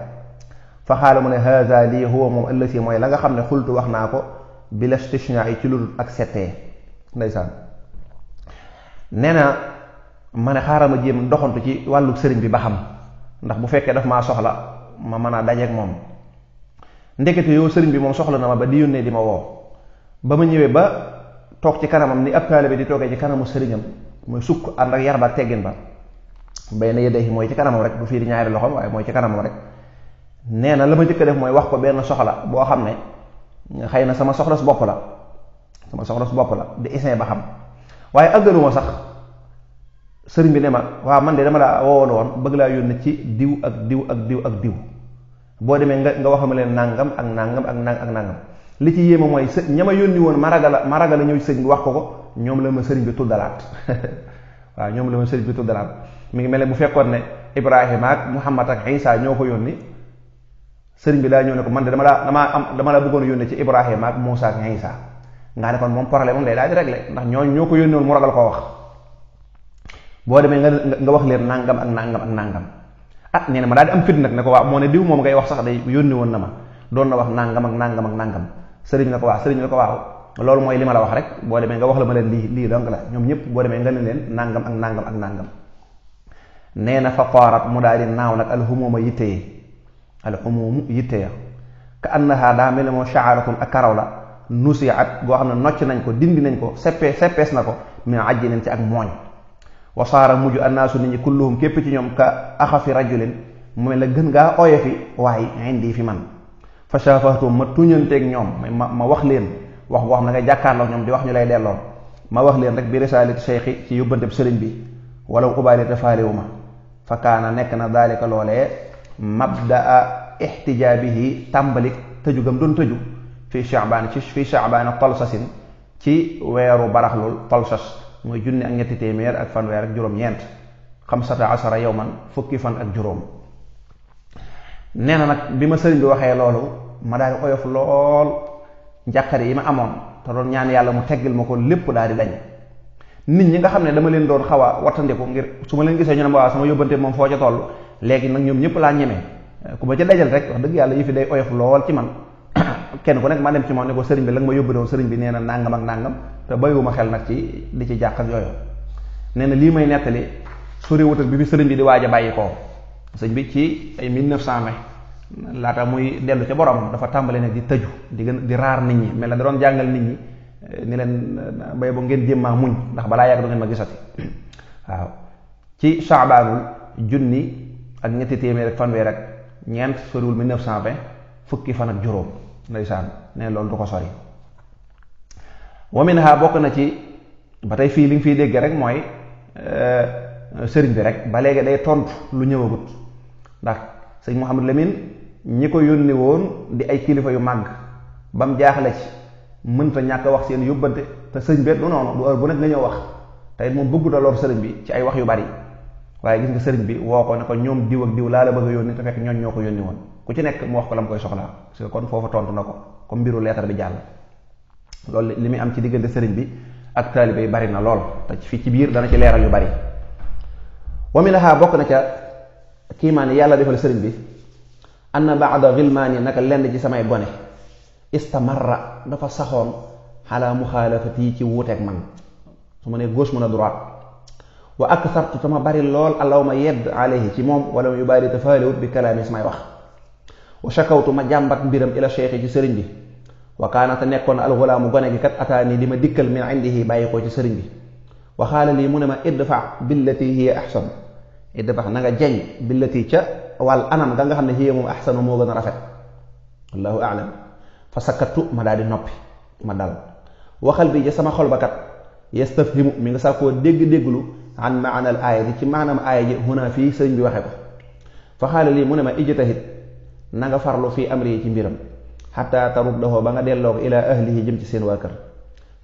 fa xaala mu ne haza huwa moom ëllëg si mooy xam ne xultu wax naa ko bi la stationnaire yi ci lu ak settee ndeysaan nee na ma ne xaaral ma jéem doxantu ci wàllu sëriñ bi ba xam ndax bu fekkee daf maa soxla ma mën a dajeek moom ndekete yow sëriñ bi moom soxla na ma ba di yónnee di ma woo ba ma ñëwee ba toog ci kanamam ni ab bi di toogee ci kanamu sëriñam mooy sukk ànd ak yar ba teggin ba bay na yeddeeyi mooy ci kanamam rek bu fiir di ñaari loxoom waaye mooy ci kanamam rek nee na la ma jëkk def mooy wax ko benn soxla boo xam ne xëy na sama soxlas bopp la sama soxlas bopp la di isin ba xam waaye àggaluma sax sëriñ bi ne ma waaw man de dama laa woowoon woon bëgg laa yónne ci diw ak diw ak diw ak diw boo demee nga nga ma leen nangam ak nangam ak nàng ak nàngam li ci yéema mooy së ña ma yónni woon ma ragala ma ragala ñëw sëriñ bi wax ko ko ñoom la ma sëriñ bi tuddalaat *laughs* waaw ñoom la ma sëriñ bi tuddalaat mi ngi mel ne bu fekkoon ne Ibrahima mu Muhammad ak Isa ñoo ko yónni sëriñ bi daa ñëw ne ko man de dama laa am dama la bëggoon yónnee ci Ibrahima ak Moussa ak Isa nga ne kon moom problème moom day daal di réglé ndax ñooñu ñoo ko yónnee boo demee nga nga wax leen nangam ak nangam ak nangam ah nee na ma daal di am ko waaw moo diw moom ngay wax sax day yónni woon na ma doon na wax nangam ak nangam ak nangam sëriñ bi ko waaw sëriñ bi ko waaw loolu mooy li ma la rek boo demee nga wax la ma leen lii lii la ñoom ñëpp boo demee nga ne leen nangam ak nangam ak nangam nee na fa xoorat mu daal di naaw nag alxumuma yittee alxumumu yitte ya ka annaha daa mel ne moom shaaratun ak karaw la nusiat goo xam ne nocc nañ ko dindi nañ ko seppe seppees na ko mais ajji nañ ci ak mooñ wasaara mujj annaasu nit ñi kulluhum képp ci ñoom ka axafi rajulin mu mel ne gën ngaa oye fi waaye indi fi man fa shafahtum ma tuñanteeg ñoom ma ma wax leen wax boo xam ne nga jàkkaarloo ñoom di wax ñu lay delloo ma wax leen rek bi risaalati cheikhi ci yóbbante sëriñ bi wala ubaale te faalewu ma fa kaana nekk na daalika loolee mabdaa ixtijaabihi tàmbalik tëjugam doon tëju fii chaabaan ci fii chaabaana tolsasin ci weeru baraxlul tolsas muy junni ak ñetti téeméer ak fanweer ak juróom-ñeent xamsata asara yowman fukki fan ak juróom nee na nag bi ma sëriñ bi waxee loolu ma daal oyof lool njàqare yi ma amoon te doon ñaan yàlla mu teggil ma ko lépp daal di dañ nit ñi nga xam ne dama leen doon xaw a wattandiku ngir su ma leen gisee ñu ne ma waa sama yóbbante moom foo ca toll léegi nag ñoom ñëpp laa ñemee ku ma ca dajal rek wax dëgg yàlla yi fi day oyof lool ci man *coughs* kenn ku nekk maa dem ci moom ne ko sëriñ bi la nga ma yóbbu doon sëriñ bi nee na nàngam ak nàngam te xel nag ci di ci jàq ak nee na lii may nettali soriwut ak bi sëriñ bi di waaj a bàyyi koo sëñ bi ci ay 1920 laata muy dellu ca borom dafa tàmbali nag di tëju di gën di raar nit ñi mais na da doon jàngal nit ñi eh, ni leen eh, bay bu ngeen jéem a muñ ndax balaa yàgg du ngeen ma gisati *coughs* waaw ci saabaanul junni ak ñetti téeméer ak fanweer ak ñeent soriwul 1920 fukki fan ak juróom ndeysaan ne loolu du ko sori wa minha bokk na ci ba tey fii li nga fiy dégg rek mooy euh, sëriñ bi rek ba léegi day tontu lu ñëwagut ndax sëñ Mouhamadou Lamine ñi ko yónni woon di ay kilifa yu màgg ba mu jaaxle ci mënta ñàkk wax seen yóbbante te sëñ bi du noonu du heure bu nekk nga ñëw wax tey moom bëggu da lor sëriñ bi ci ay wax yu bari waaye gis nga sëriñ bi woo ko ne ko ñoom diw ak diw laa la bëgg a yónni te fekk ñooñ ñoo ko yónni woon ku ci nekk mu wax ko la mu koy soxlaa parce que kon foofa tontu na ko comme mbiru leetar bi jàll lool li muy am ci diggante sëriñ bi ak taalibe bari na lool te fi ci biir dana ci leeral yu bari waminahaa bokk na ca kiimaan yàlla defal sëriñ bi anna baada gilmaani naka lenn ci samay gone istamarra dafa saxoon xalaa muxaalafati ci wuuteeg man su ma nee gauche mën a droite wa aksartu ma bari lool allahuma yedd alayhi ci moom wala yu bari tafaaliwut bi kalaami samay wax wa shakawtu ma jàmbat mbiram ila cheikh ci sëriñ bi wa kaana kaanata nekkoon alxulaamu gone gi kat ataani di ma dikkal min indihi bàyyi ko ci sëriñ bi wa xaala lii mu ne ma fa billati hiya ahsan idfa na nga jeñ billati ca wal anam ga nga xam ne hiya moom ahsanu moo gën a rafet wallahu alam fa sakkattu ma daal di noppi ma dal waxal bi ja sama xol ba kat yastafhimu mi nga saa koo dégg an maanal aaya ji ci maanaam aaya ji huna fii sëriñ bi waxe ko fa xaala lii mu ne ma ijtahid na nga farlu fii amri ci mbiram xataa taruddahu ba nga delloo ko ilaa ahlihi jëm ci seen waa kër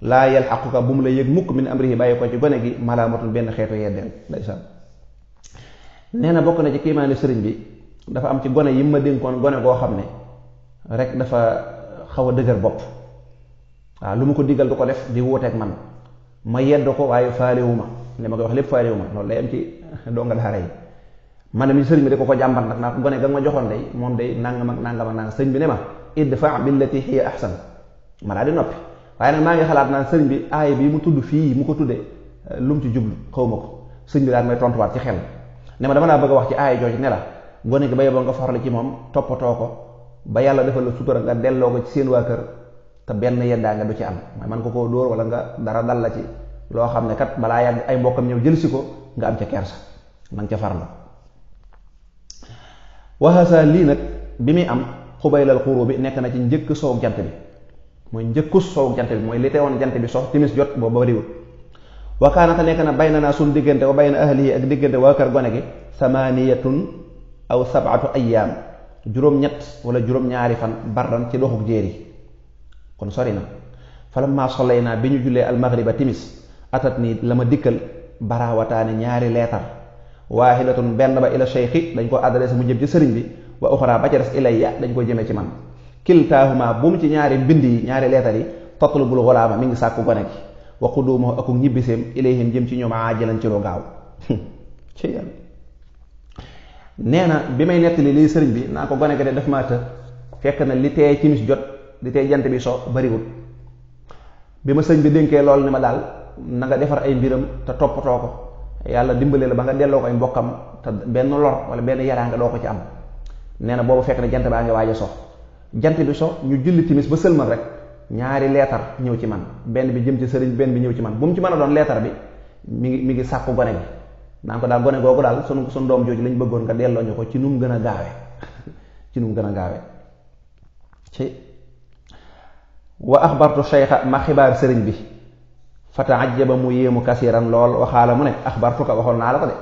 laa yalxaquka bu mu la yëg mukk min amrihi bàyyi ko ci gone gi malaamatun benn xeetu yeddeel ndeysaan nee na bokk na ci kiimaani sëriñ bi dafa am ci gone yi ma dénkoon gone goo xam ne rek dafa xaw a dëgër bopp waaw lu mu ko digal du ko def di wuuteeg man ma yedd ko waaye faalewu ma li ma koy wax lépp faale wu ma loolu day am ci donga daara yi mi sëriñ bi de ko jàmbat nag naa gone ga joxoon day moom day nangam ak nangam ak nangam sëriñ bi ne ma idfa billati hiya ahsan ma daa di noppi waaye nag maa ngi xalaat naan sëriñ bi aay bi mu tudd fii mu ko tuddee eh, lu ci jublu xaw ma ko sëriñ bi daal may tontuwaat ci xel ne ma naa bëgg a wax ci aay jooju ne la gone gi ba yeboo nga farale ci moom toppatoo ko ba yàlla defal la sutura nga delloo ko ci seen waa kër te benn yeddaa nga du ci am mooy man ko koo dóor wala nga dara dal la ci loo xam ne kat balaa yàgg ay mbokkam ñëw jël si ko nga am ca kersa na nga ca farlu waxasa lii nag bi muy am xubaylal xuru bi nekk na ci njëkk soow jant bi mooy njëkkus soow jant bi mooy li teewoon jant bi sox timis jot booba bariwul wakaanata nekk na bay na naa suñ diggante wa bay na ahlihi ak diggante waa kër gone gi samaniyatun aw sabatu ayyaam juróom-ñett wala juróom-ñaari fan barran ci doxuk jéeri kon sori na falamma soleynaa bi ñu jullee almagriba timis atat nii la ma dikkal baraawataani ñaari leetar waahilatun benn ba ila cheikhi dañ ko adressé mu jëm ci sëriñ bi wa uxra ba ca des ilayya dañ ko jëmee ci man kiltaahuma bu mu ci ñaari mbind yi ñaari leetar yi tatlubul xulaama mi ngi sàkku gone gi wa quduumahu ak ñibbiseem ilayhim jëm ci ñoom aajilan ci lu gaaw *laughs* ci nee na bi may nettali lii sëriñ bi naa ko gone gi de daf maa të fekk na li tee timis jot li tee jant bi so bariwul na nga defar ay mbiram te toppatoo ko yàlla dimbale la ba nga delloo ko ay mbokkam te benn lor wala benn yaraanga doo ko ci am neena na boobu fekk na jant baa ngi waaja a so jant bi so ñu julli timis ba sëlmal rek ñaari leetar ñëw ci man benn bi jëm ci sëriñ benn bi ñëw ci man bu mu ci mën a doon leetar bi mi ngi mi ngi sàkku gone bi naan ko daal gone googu daal su sunu doom jooju lañ bëggoon nga delloo ñu ko ci nu mu gën a gaawe *laughs* ci gën a gaawe ci wa axbartu ma xibaar sëriñ bi fataajaba mu yéemu kasiran lool waxaala mu ne axbartuka waxoon naa la ko de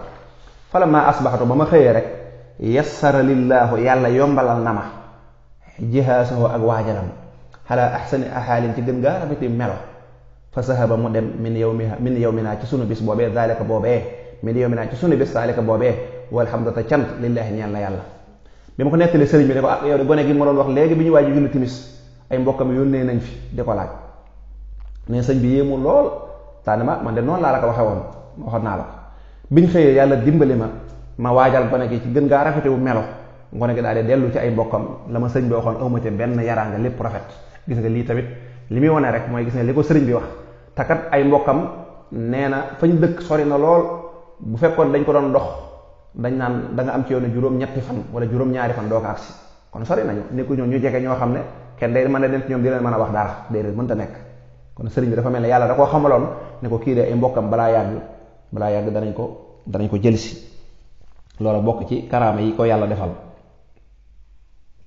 falamma asbaxtu ba ma xëyee rek yassara lillaahu yàlla yombalal na ma jihaasahu ak waajalam xalaa axsani axaalin ci gën gaa rafeti melo fa sahaba mu dem min yawmiha min yawmina ci sunu bis boobee zaalika boobee min yawmina ci sunu bis zaalika boobee walhamdata cant lillaahi ñeel la yàlla bi ma ko nettalee sëriñ bi ne ko ah yow de gone gi ma doon wax léegi bi ñu a julli timis ay mbokkam yónnee nañ fi di ne sëñ bi yéemu lool daane ma man de noonu laa la ko waxe woon ma waxoon naa la ko biñ xëyee yàlla dimbali ma ma waajal gone ki ci gën ngaa rafetewu melo gone gi daal di dellu ci ay mbokkam la ma sëñ bi waxoon awma ci benn nga lépp rafet gis nga lii tamit li muy wane rek mooy gis nga li ko sëriñ bi wax takat ay mbokkam nee na fañ dëkk sori na lool bu fekkoon dañ ko doon dox dañ naan da am ci yoonu juróom-ñetti fan wala juróom-ñaari fan doo ko agsi kon sori nañu nekku ñoom ñu ñoo xam ne kenn day mën a dem ñoom di leen mën a wax dara déedéet mënta nekk kon sëriñ bi dafa mel ne yàlla da koo xamaloon ne ko kii de ay mbokkam balaa yàgg balaa yàgg danañ ko danañ ko jëlsi loola bokk ci karaama yi ko yàlla defal